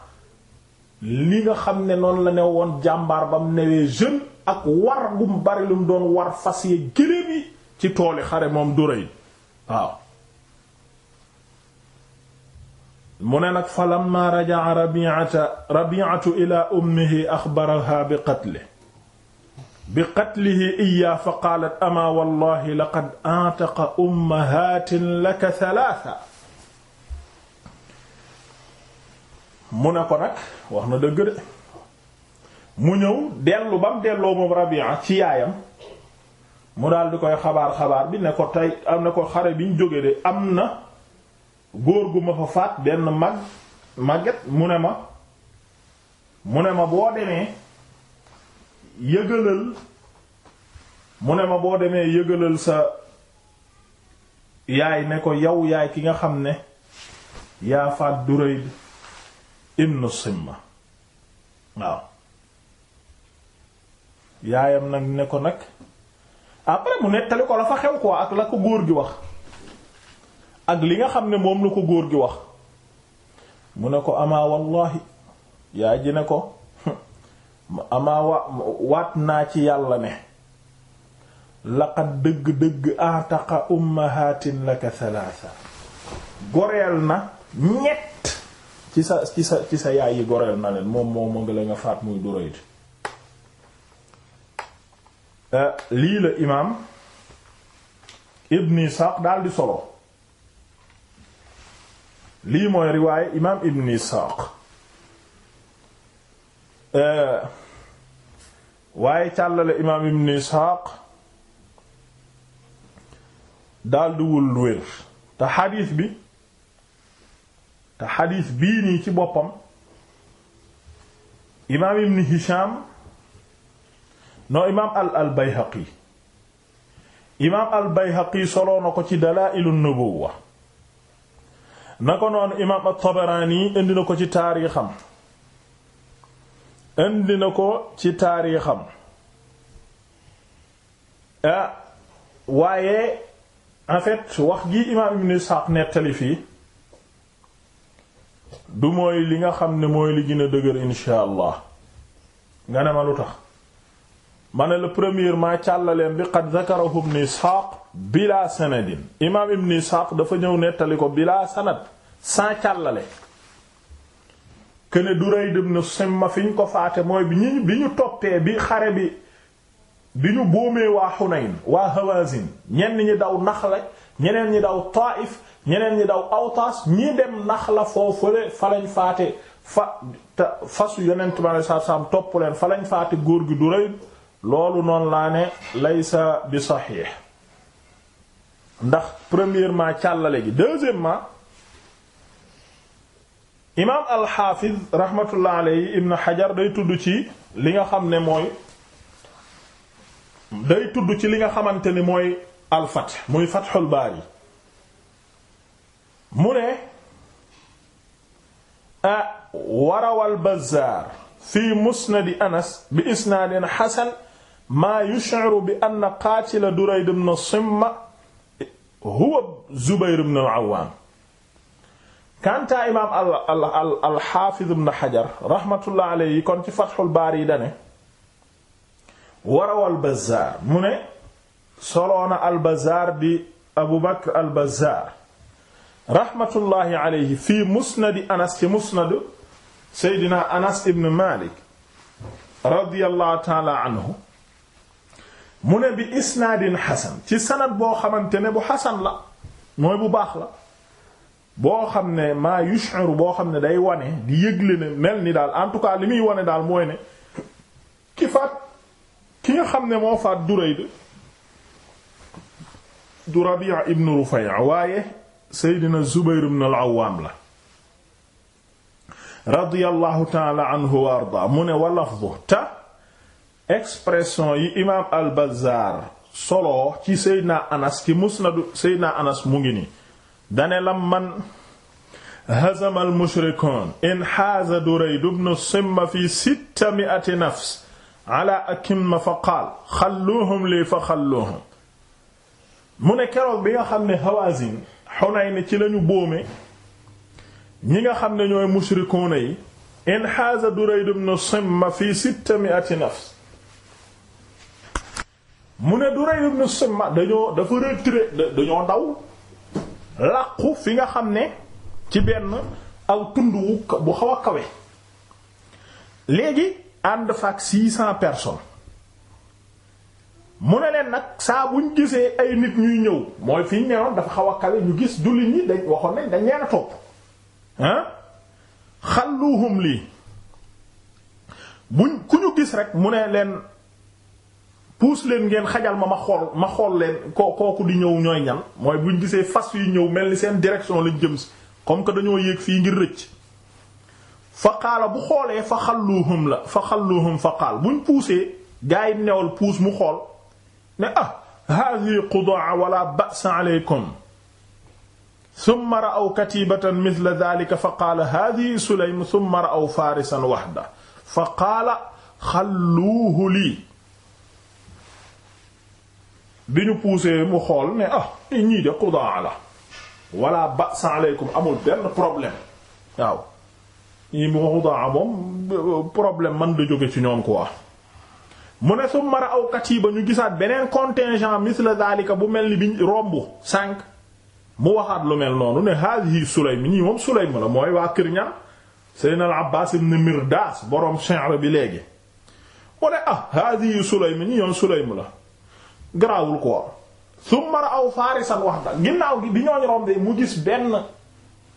li nga xam ne noonu la ne woon jàmbaar ba newee jeune ak war bu mu doon war fas yee gëléem ci tooli xare moom du rëy waaw mu ne nag fa lamma ila ummihi axbaraha bi qatle bi qatlihi iya fa qaalat ama wallahi laqad antaqa ummahatin laka thalatha mu ne ko nag wax na dëgg de mu ñëw dellu bam delloo mu Rabi'a ci yaayam mu daal koy xabaar xabaar bi ne ko tey am na ko xare bi ñu jóge de am na góor gu ma fa faat benn mag màgget mu ne ma mu ne ma boo demee yëgalal mu ne ma boo demee yëgalal sa yaay ne ko yow yaay ki nga xam ne yaa faat Durayd ibnu simma waaw yaayam nag ne ko nag après mu nettali ko la fa xew quoi ak la ko góor gi wax ak li nga xam ne moom la ko góor gi wax mu ne ko amaa wallahi yaay ji ne ko hm, amaa waat naa ci yàlla ne laqad dëgg-dëgg ataqa ummahatin laka thalatha goreel na ñett ci sa ci sa ci sa yaay yi goreel na leen moom moo ma nga la nga faat muy duroyit eh, lii la imaam ibn Isaaq daal di solo lii imaam ibn Isaaq eh, waaye càllale imaam ibn Isaaq daal di wul wér te xadiis bi te xadiis bii nii ci boppam imaam ibn Hisham non imaam al al Bayhaqi imaam al Bayhaqi soloo na ko ci Dalaa'il an-Nubuwwa na ko noonu imaam at-Tabarani indi ko ci taarixam indi na ko ci taarixam ah waaye en fait wax gi imaam ibn Ishaq nettali fii du mooy li nga xam ne mooy li gën a dëgër insha nga ne ma lu tax ma ne la premièrement càllaleen bi qad zakarahu ibn isxaaq bila sanadin imaam ibn isxaaq dafa ñëw nettali ko bila sanad sans càllale këne Durayd ibn Simma fi ñu ko faate mooy bi ñu bi ñu toppee bi xare bi bi ñu boomee waa Hunayn waa Hawazin ñenn ñi daw Naxla ñeneen ñi daw Taif ñeneen ñi daw Awtaas ñii dem Naxla foofule fa lañ faate fa te fasu yonent bi saa saam topp leen fa faate góor gi du rëy loolu noonu laa ne laysa bi sahih ndax premièrement càllale gi deuxièmement imaam alxaafiz rahmatullah alayhi ibn Hajar day tudd ci li nga xam ne mooy day tudd ci li nga xamante ni mooy al fath muy Fathul Baari mu ne a warawal bazaar fii musnadi anas bi isnaadin xasan maa yushciru bi ann qaatila durayd bn simma huwa zubayr bn al-awaam kantaa imaam al alxaafiz bn xajar raxmatullah aleyhi kon ci fatxul baari dane warawal bazaar mu ne soloona al bazaar di abu bakr al bazaar rahmatullahi alayhi fii musnadi anas ci musnadu seydina anas ibn malik radiyallahu taala anhu mu ne bi isnaadin xasan ci sanad boo xamante ne bu xasan la mooy bu baax la boo xam ne maa yushuru boo xam ne day wane di yëgle ne mel ni daal en tout cas li muy wane daal mooy ne ki faat ki nga xam ne moo faat Durayd du Rabi' ibn Rufay' waaye seydina zubayr ibn al-awwaam la radiyallahu taala anhu wa arda ne walafdu ta expression yi imaam al-Bazzaar solo ci seydina anas ci musnadu seydina anas mu ngi ni dane lam man hazama al-mushrikuun in haaza Durayd ibn Simma fi sitta mi'ati nafs ala akimma fa qaal xalluuhum lii fa xalluuhum mu ne keroog bi nga xam ne Hawaazin Hunayn ci lañu boome ñi nga xam ne ñooy mushrikuuna yi du Durayd ibn Simma fi sitta mi'ati nafs mu ne Durayd ibn Simma dañoo dafa retiré dañoo ndaw làqu fi nga xam ne ci benn aw tund bu xaw a kawe léegi ànd faak 600 personnes mu ne leen nag saa buñ gisee ay nit ñuy ñëw mooy fi ñu newoon dafa xaw a kawe ñu gis jullit ñi dañ waxoon nañ dañ leen a topp ah xalluhum lii buñ ku ñu gis rek mu ne leen puus leen ngeen xajal ma ma xool ma xool leen koo kooku di ñëw ñooy ñan mooy bu ñu gisee fas yuy ñëw mel ni seen direction lañ jëm si comme que dañoo yéeg fii ngir rëcc fa qaala bu xoolee fa xalluhum la fa xalluhum fa qaal buñ puusee gaa yi newal puus mu xool ne ah hadi qudaa wala ba'sa aleykum summa ra'aw katibatan mithla dhalika fa qaala hadi sulaym summa ra'aw farisan wahda fa qaala xalluuhu lii bi ñu puusee mu xool ne ah ñii de qudaa la wala ba'sa aleykum amul benn problème waaw ñii mu qudaa moom problème man da jóge ci ñoom quoi mu ne summa ra'aw ba ñu gisaat beneen contingent misla zalika bu mel ni biñ romb sànq mu waxaat lu mel noonu ne haadihi Sulaym ñii moom Sulaym la mooy waa kër ñan Seydina al Abbaas ibn Mirdaas borom Shi'r bi léegi mu ne ah haadihi Sulaym ñii ñoom ko summa ra'aw faarisan wahda ginnaaw gi bi ñooñ rombee mu gis benn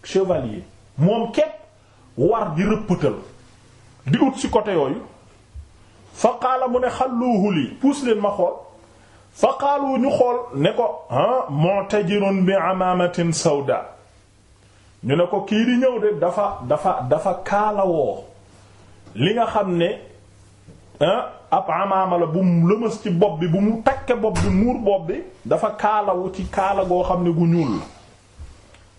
chevalier moom képp war di rëppëtal di ut ci côté yooyu fa qaala mu ne xalluuhu lii puus leen ma xool fa qaalu ñu xool ne ko ah mu'tajirun bi amaamatin sawda ñu ne ko kii di ñëw de dafa dafa dafa kaalawoo li nga xam ne ab amaama bu mu ci bopp bi mu takke bopp bi muur bopp bi dafa kaalawu ci kaala goo xam ne gu ñuul la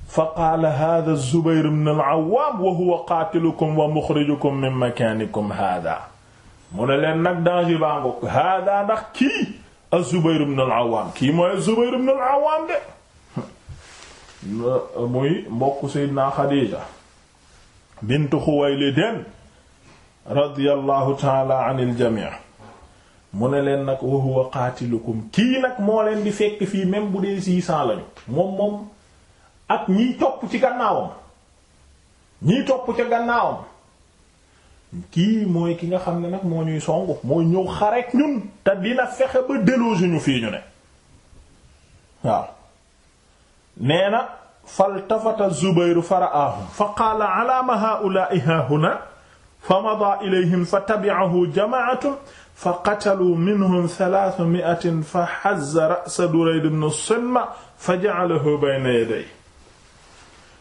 fa qaala hada zubayr ibn al-awwaam wa huwa qaatilukum wa muxrijukum min makaanikum hada mu ne leen nag danger baa ngoog hada ndax kii az-Zubayr al-Awwam kii mooy az-Zubayr al-Awwam de muy mbokk Seydina Xadiija bintu Xuwaylid radiyallahu taala anil jamii mu ne leen nag wa huwa qaatilukum kii nag moo leen di fekk fii même bu dee six cents lañu moom moom ak ñiy topp ci gannaawam ñiy topp ca gannaawam kii mooy ki nga xam ne nag moo ñuy songu mooy na faltafata zubayru fara'ahum fa qaala alaama haa'ulaa'i haahuna fa madaa ilayhim fa tabi'ahu jamaa'atun fa qataluu minhum fa hazza ra'sa durayd ibn sinma fa ja'alahu bayna yadayhi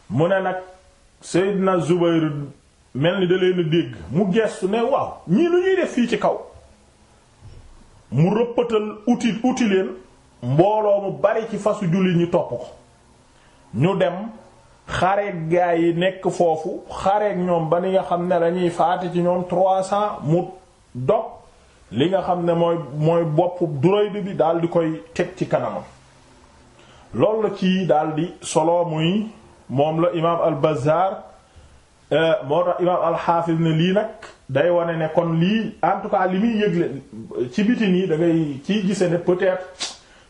mu ne nag mel ni da leen a dégg mu gestu ne waaw ñii lu ñuy def fii ci kaw mu rëppatal uti uti leen mbooloo mu bari ci fasu julli ñi topp ko ñu dem xareeg gaa yi nekk foofu xareeg ñoom ba ni nga xam ne lañuy faate ci ñoom trois cents mu dog li nga xam ne mooy mooy bopp Durayd bi daal koy teg ci kanamam loolu la ci daal di solo muy moom la imaam al-Bazzar Euh, moo tax imaam alxaafis ne lii nag day wane ne kon lii en tout cas li muy yëgle ci biti dangay da ngay ciy gise ne peut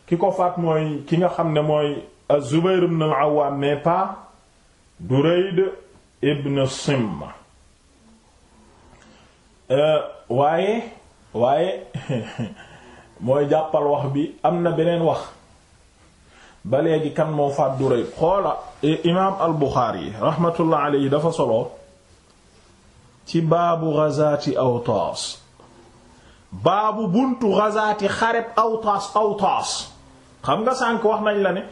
ki ko faat mooy ki nga xam ne mooy az-Zubayr ibn al-Awwam Durayd ibn Simm euh, waaye waaye [LAUGHS] mooy jàppal wax bi am na beneen wax ba léegi kan moo faat Durayb xoola imaam yi buxaari rahmatullah yi dafa solo ci baabu ghazaati Awtaas baabu buntu ghazaati xareb Awtaas Awtaas xam nga sànk wax nañ la ne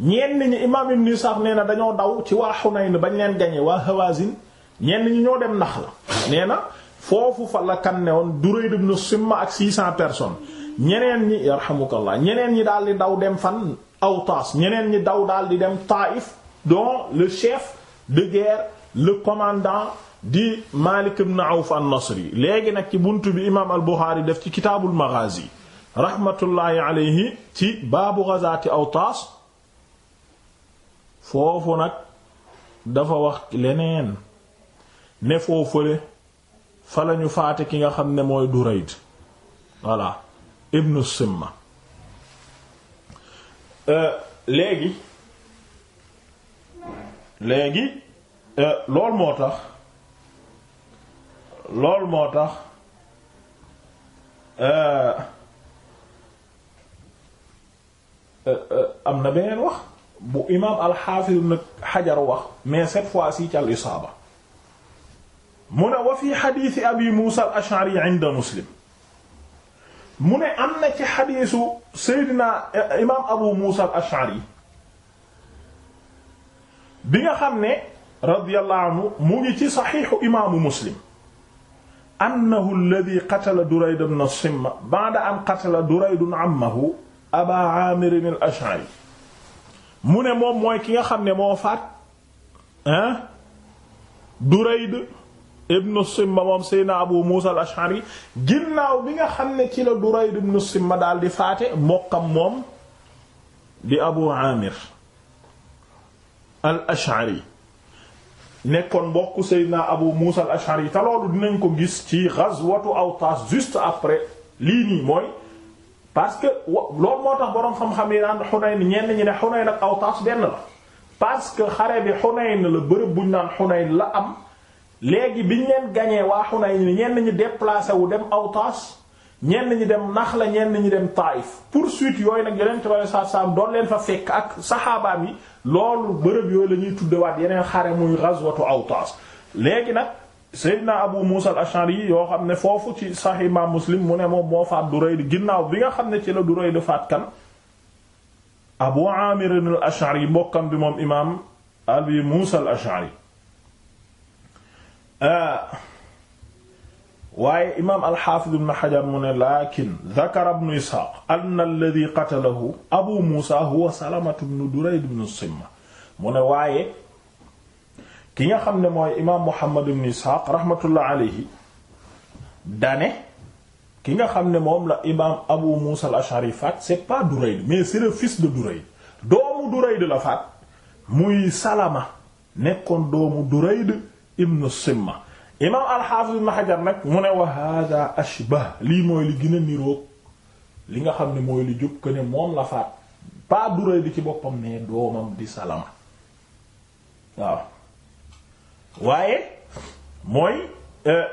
ñenn ñi imaam Ibn Sa'd nee na dañoo daw ci waa Hunayn bañ leen gañe waa Hawaazin ñenn ñi ñoo dem Naxla nee na foofu fa la kan ne woon Durayd ibn Simma ak 600 personnes ñeneen ñi yarhamukallah ñeneen ñi daal di daw dem fan Awtaas ñeneen ñi daw daal di dem Taïf don le chef de guerre le commandant di Malik ibn Awf an-Nasri léegi nag ci bunt bi imaam al-Bukhari def ci kitaabul Maghazi rahmatullahi alayhi ci baabu ghazaati Awtaas foofu nag dafa wax leneen ne foofule fa lañu faate ki nga xam ne mooy Durayd voilà ibnu Simma Euh, léegi léegi euh, lool moo tax loolu moo tax euh, am na beneen wax bu imaam alxaafiz ibn xajar wax mais cette fois-ci ci al isaaba mu ne wa fi xadiisi abi muusa al ash'ari inda muslim mu ne am na ci xadiisu Seydina eh, imaam Abu Muusa al-Ash'ari bi nga xam ne radiyallahu anhu mu ngi ci saxiixu imaamu Muslim annahu alladhi qatala Durayd ibn Simma ba'da an qatala Durayd ammahu Abaa Aamir al-Ash'ari mu ne moom mooy ki nga xam ne moo faat ah Durayd ibnu simma moom seydna abu muusa al ashari ginnaaw bi nga xam ne ci la durayd ibnu simma daal di faate mbokkam moom di abu amir al ashari nekkoon mbokk seydna abu muusa al ashari te loolu dinañ ko gis ci ghazwatu awtaas juste après lii nii mooy parce que loolu moo tax boroom xam-xam yi naan xunayn ñenn ñi ne xunayn ak awtaas benn la parce que xare bi xunayn la bërëb buñ naan xunayn la am léegi bi biñ leen gañee waa Hunayn ni ñenn ñi déplacé wu dem Awtaas ñenn ñi dem Naxla ñenn ñi dem Taayif poursuite yooyu nag yeneen tubaab yi sax doon leen fa fekk ak saxaabaam yi loolu bërëb yooyu la ñuy tuddewaat yeneen xare muy ghazwatu Awtaas léegi nag Seydina Abu Musa al-Ash'ari yoo xam ne foofu ci Sahih Imam Muslim mu ne moom moo faat du di ginnaaw bi nga xam ne ci la Durayd faat kan Abu Amir al-Ash'ari mbokkam bi moom imaam Abi Musa al-Ash'ari Euh, waaye imaam alxaafiz ibn xajar mu ne lakin dakara ibnu isxaaq anna alladi qatalahu abu muusa huwa salamatu bnu durayd bnu simma mu ne waaye ki nga xam ne mooy imaam muhammad ibn isxaaq rahmatullah alayhi dane ki nga xam ne moom la imaam abu muusa al ashari faat c'est pas durayd mais c'est le fils de durayd doomu durayd la faat muy salaama nekkoon doomu durayd ibnu imaam alxaafis ibnu xajar nag mu ne wa hada ashbah lii mooy li gën a niroog li nga xam ne mooy li jub que ne moom la faat pas duray di ci boppam ne doomam di salama waaw waaye mooy euh,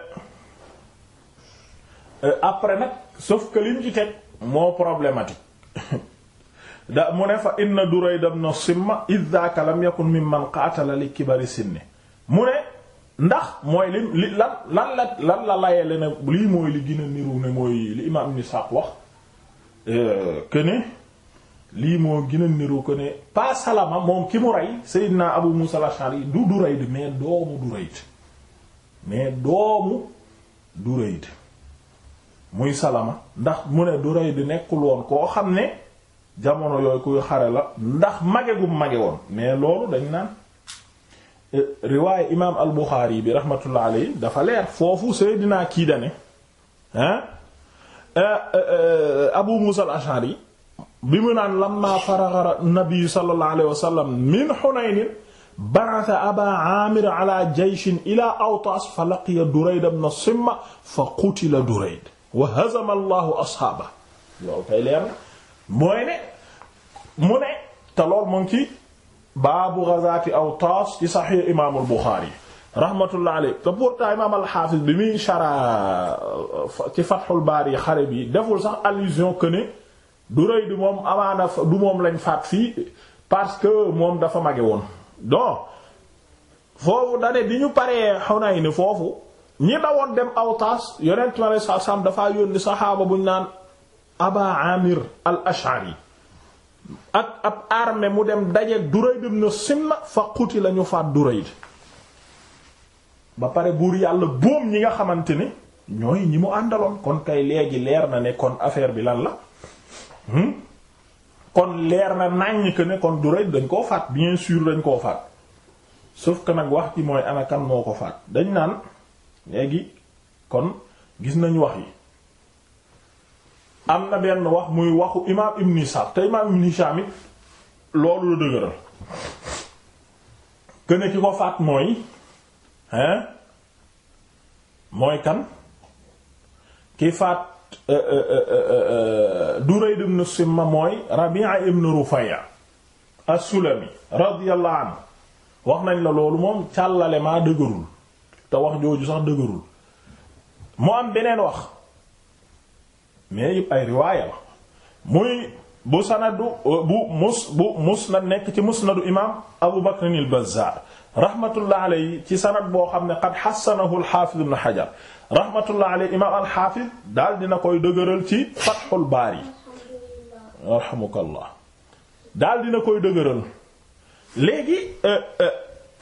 euh, après nag sauf que teg moo problématique [LAUGHS] da mu ne fa inna Durayd ibn Simma idh dhaka lam yakun mimman qatala li kibari sinni mu ne ndax mooy li li lan lan la lan la layele ne lii mooy li gën a niru ne mooy li imam Ibn Ishaq wax euh, que lii moo gën a niru que ne pas salama moom ki mu rey Seydina Abu Musa al-Ash'ari du Durayd mais doomu du mais muy salama ndax mu ne Durayd nekkul woon koo xam ne jamono yooyu kuy xare la ndax mage gum mage woon mais loolu dañ naan riwaaye imaam al Buxaari bi rahmatullah alayhi dafa leer foofu Seydina kii dane ah Abu Muusa al-Ash'ari bi mu naan lamma faragha nabi sallallahu alayhi wa sallam min Hunayn ba'atha Abaa Aamir ala jayshin ila Awtaas fa laqiya Durayd ibn Simma fa qutila Durayd wa hazama Allahu ashaabahu loolu kay leer mooy ne mu ne te loolu mu ngi ci baabu ghazaati Awtaas ci saxiix imaamul Buxaari rahmatullah aleyhi te pourtant imaam al-Xaafis bi muy shara euh, ci Fathul Baari xare bi deful sax allusion que du rëy du moom amaana du moom lañ faat fii parce que moom dafa mage woon donc foofu da ne bi ñu paree Hunayn foofu ñi woon dem Awtaas yonent mi alayhi salaam dafaa yónni saxaaba buñ naan Aba Amir al-Ash'ari ak ab arme mu dem dajeeg Durayd ibn Simma fa qutila lañu faat du Durayd ba pare buur yàlla boom ñi nga xamante ni ñooy ñi mu àndaloon kon kay léegi leer na ne kon affaire bi lan la hmm? kon leer na nàññ que ne kon Durayd dañ koo faat bien sûr dañ koo faat sauf que nag wax ci mooy anakan moo ko faat dañ naan léegi kon gis nañ wax yi am na benn wax muy waxu imaam Ibn Hishaam te imaam Ibn Hishaam it loolu la dëgëral këne ki ko faat mooy mooy kan ki faat euh, euh, euh, Durayd ibn Simma mooy Rabi'a ibn Rufay'a as-Sulami radiyallahu wax nañ la loolu moom càllale maa dëgërul te wax jooju sax dëgërul mu am beneen wax mais yëpp ay riwaaya la muy bu sanadu euh, bu mus bu musnad nekk ci musnadu imaam Abu Bakr al-Bazzaar rahmatullah alayhi ci sanad boo xam ne qad xassanahu al-Haafiz ibn Hajar rahmatullah alayhi imaam al-Haafiz daal dina koy dëgëral ci Fathul Baari yarhamukallah daal dina koy dëgëral léegi. Euh, euh,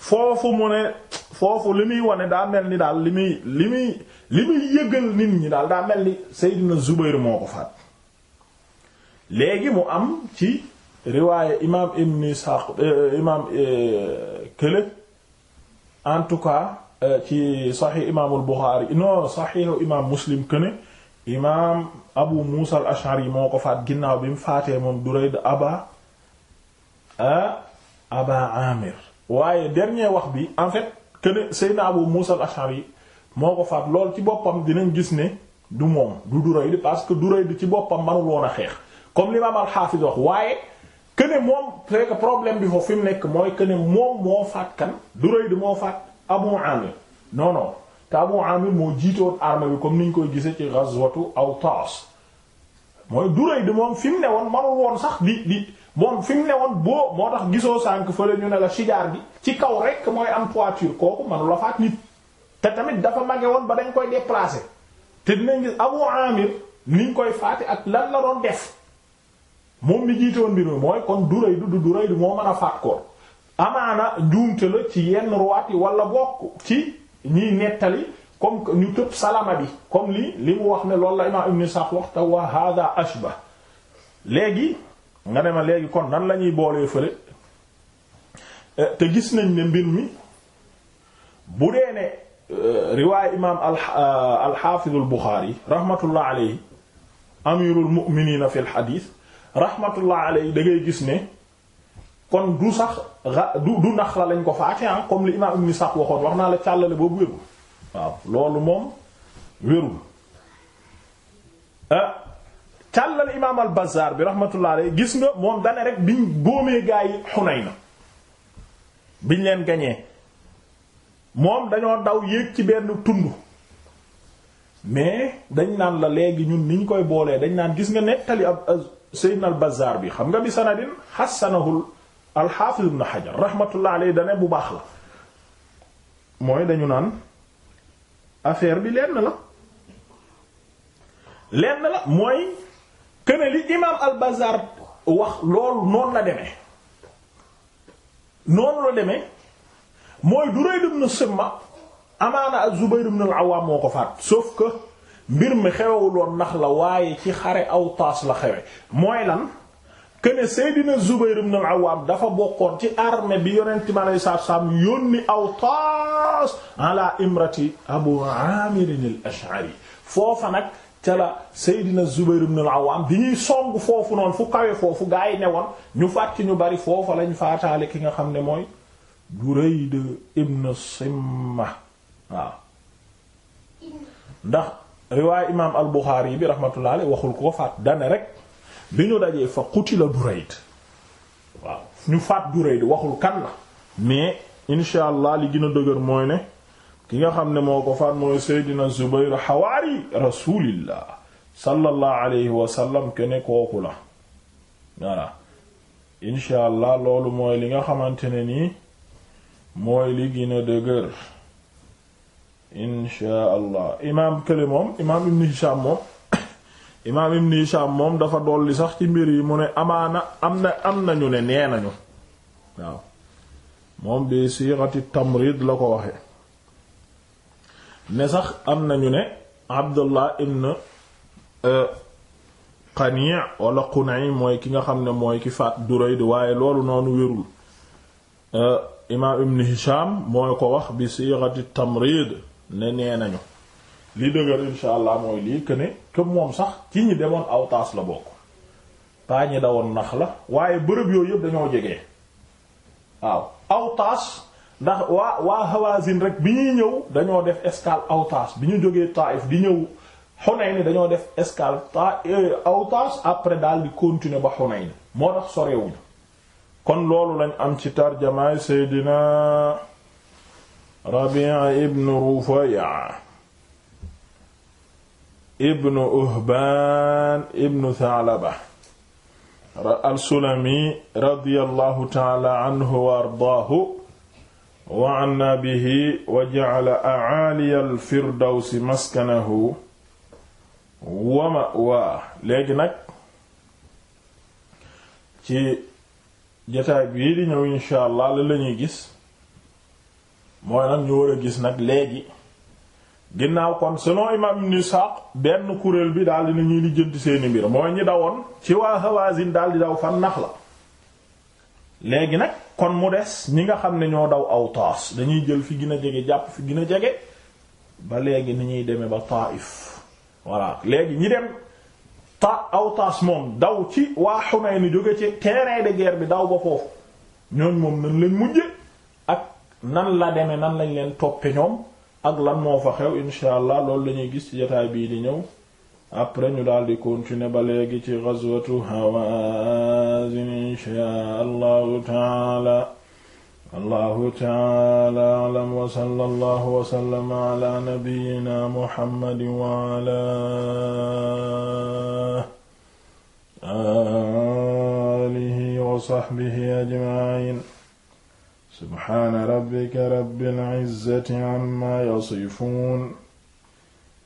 foofu mu ne foofu li muy wane daa mel ni daal li muy li muy li muy yëgal nit ñi daal daa mel ni Seydina Zubayr moo ko faat léegi mu am ci riwaaye imaam Ibn Ishaq eh, imaam eh, Kële en tout cas eh, ci saxiix imaamul Buxaari non saxiixu imaam Muslim këne imaam Abu Muusa al-Ash'ari moo ko faat ginnaaw bi mu faatee moom Durayd Aba Aba Amir. waaye dernier wax bi en fait que ne Seydina Abu Musa al yi moo ko faat lool ci boppam dinañ gis ne du moom du Durayd parce que Durayd ci boppam manul woon a xeex comme l'imam al-Hafiz wax waaye que ne moom c'est problème bi foofu fi mu nekk mooy que ne moom moo faat kan Durayd moo faat Abu Amir non non te Abu Amir moo jiitoon armée bi comme niñ koy gisee ci ghazwatu Awtas mooy Durayd moom fi mu ne woon manul woon sax di di. moom fi mu ne woon boo moo tax gisoo sànq fële ñu ne la sijaar bi ci kaw rek mooy am toiture kooku manu faat nit te tamit dafa mage woon ba dañ koy déplacer te dinañ gis Abu Amir niñ koy faati ak lan la doon def moom mi jiite woon mbir mi mooy kon duray du du duray du moo mën a faat ko amaana njuumte la ci yenn ruwaat yi wala bokk ci ñiy nettali comme ñu tëb salama bi comme lii li mu wax ne loolu la imaam Ibn Sa'd wax te wa hada ashba léegi nga ne ma léegi kon nan la ñuy boolee fële eh, te gis nañ ne mbir mi bu dee ne eh, riwaay imaam alxaafizul eh, Buxaari rahmatullah aleyhi amirul mu'miniina fil xadiis rahmatullah aleyhi da gis ne kon du sax du du nax la lañ ko faate ah comme li imaam ibn Sa'd waxoon wax naa la càllale boobu wérul waaw loolu moom wérul càllal imaam al Bazzaar bi rahmatullah alayhi gis nga moom dane rek biñ boomee gaa yi Hunayna biñ leen gañee moom dañoo daw yéeg ci benn tund mais dañ naan la léegi ñun niñ koy boolee dañ naan gis nga nettali ab Sayyidna al Bazzaar bi xam nga bi sanadin xasanahul al Haafiz ibn Hajar rahmatullah alayhi dane bu baax la mooy dañu naan affaire bi lenn la lenn la mooy këne li imaam al-Bazzaar wax loolu noonu la demee noonu la demee mooy Durayd ibn Simma amaana az-Zubayr ibn al-Awwam ko faat sauf que mbir mi xewewuloon nax la waaye ci xare aw Awtaas la xewe mooy lan këne Seydina Zubayr ibn al dafa bokkoon ci armée bi yonent mi alayhi salaatu salaam yónni Awtaas imrati Abu Aamir ashari foofa nag ca la Seydina Zubayr ibn al bi ñuy song foofu noonu fu kawe foofu gaa yi ne woon ñu faat ci ñu bari foofa lañ faataale ki nga xam ne mooy Burayd ibn Simma waaw ndax riwaay imaam al-Bukhari yi bi rahmatullahi alayhi waxul ko faat dane rek bi ñu dajee fa qutila Burayd waaw ñu faat Burayd waxul kan la mais insha li gën a dëgër mooy ne li nga xam ne moo ko faat mooy Seydina Zubayr xawaari rasulillah sallallahu alayhi wa kene kooku la voilà incha loolu mooy li nga xamante ne nii mooy li gën a dëgër incha imaam kële moom imaam ibn Hisham moom [COUGHS] imaam ibn moom dafa dolli sax ci mbir yi mu ne amaana am na am nañu ne nee nañu waaw moom bi siirati tamrid la ko waxe ne sax am nañu ne Abdullah ibn euh, Qani' wala Qunay mooy ki nga xam ne mooy ki faat du Durayd waaye loolu noonu wérul euh, imaam Ibn Hisham mooy ko wax bi sighati tamrid ne nee nañu li dëgër insha allah mooy lii que ne que moom sax ci ñi demoon Awtaas la bokk paa ñi dawoon nax la waaye bërëb yooyu yëpp dañoo jege waaw Awtaas ndax waa waa Hawazin rek bi ñuy ñëw dañoo def escale Awtas bi ñu jógee Taif di ñëw Hunayn dañoo def escale ta euh, Awtas daal di continuer ba Hunayn moo tax sorewuñu kon loolu lañ am ci tarjamaay Seydina Rabi'a ibn Rufaya ibn Uhban ibn Thalaba al-Sulami radiyallahu ta'ala anhu wa ardaahu wa anna bihi wa ja'ala a'ali al-firdawsi maskanahu wa ma'waa léegi nag ci jotaay bii di ñëw insha la lañuy gis mooy nag ñu war a gis nag léegi ginnaaw kon selon imam ibn Ishaq benn kuréel bi daal di nañuy seeni mbir mooy ñi dawoon ci waa Hawazin daal di daw fan Naxla léegi nag kon mu des ñi nga xam ne ñoo daw aw taas dañuy jël fi gën a jege jàpp fi gën a jege ba léegi ni ñuy demee ba Taif voilà léegi ñi dem aw Awtaas moom daw ci waa ni jóge ci terrain de guerre bi daw ba foofu ñooñ moom nan leen mujje ak nan la demee nan lañ leen toppe ñoom ak lan moo fa xew insha loolu lañuy gis ci jotaay bii di ñëw après ñu daal di continuer ba léegi ci ghazwatu Hawazin inshaa allahu taala allahu taala alam wa sallallahu wa sallama ala nabiyyina muhammadin wa ala alihi wa sahbihi ajma'in subhana rabbika rabbil izzati amma yasifun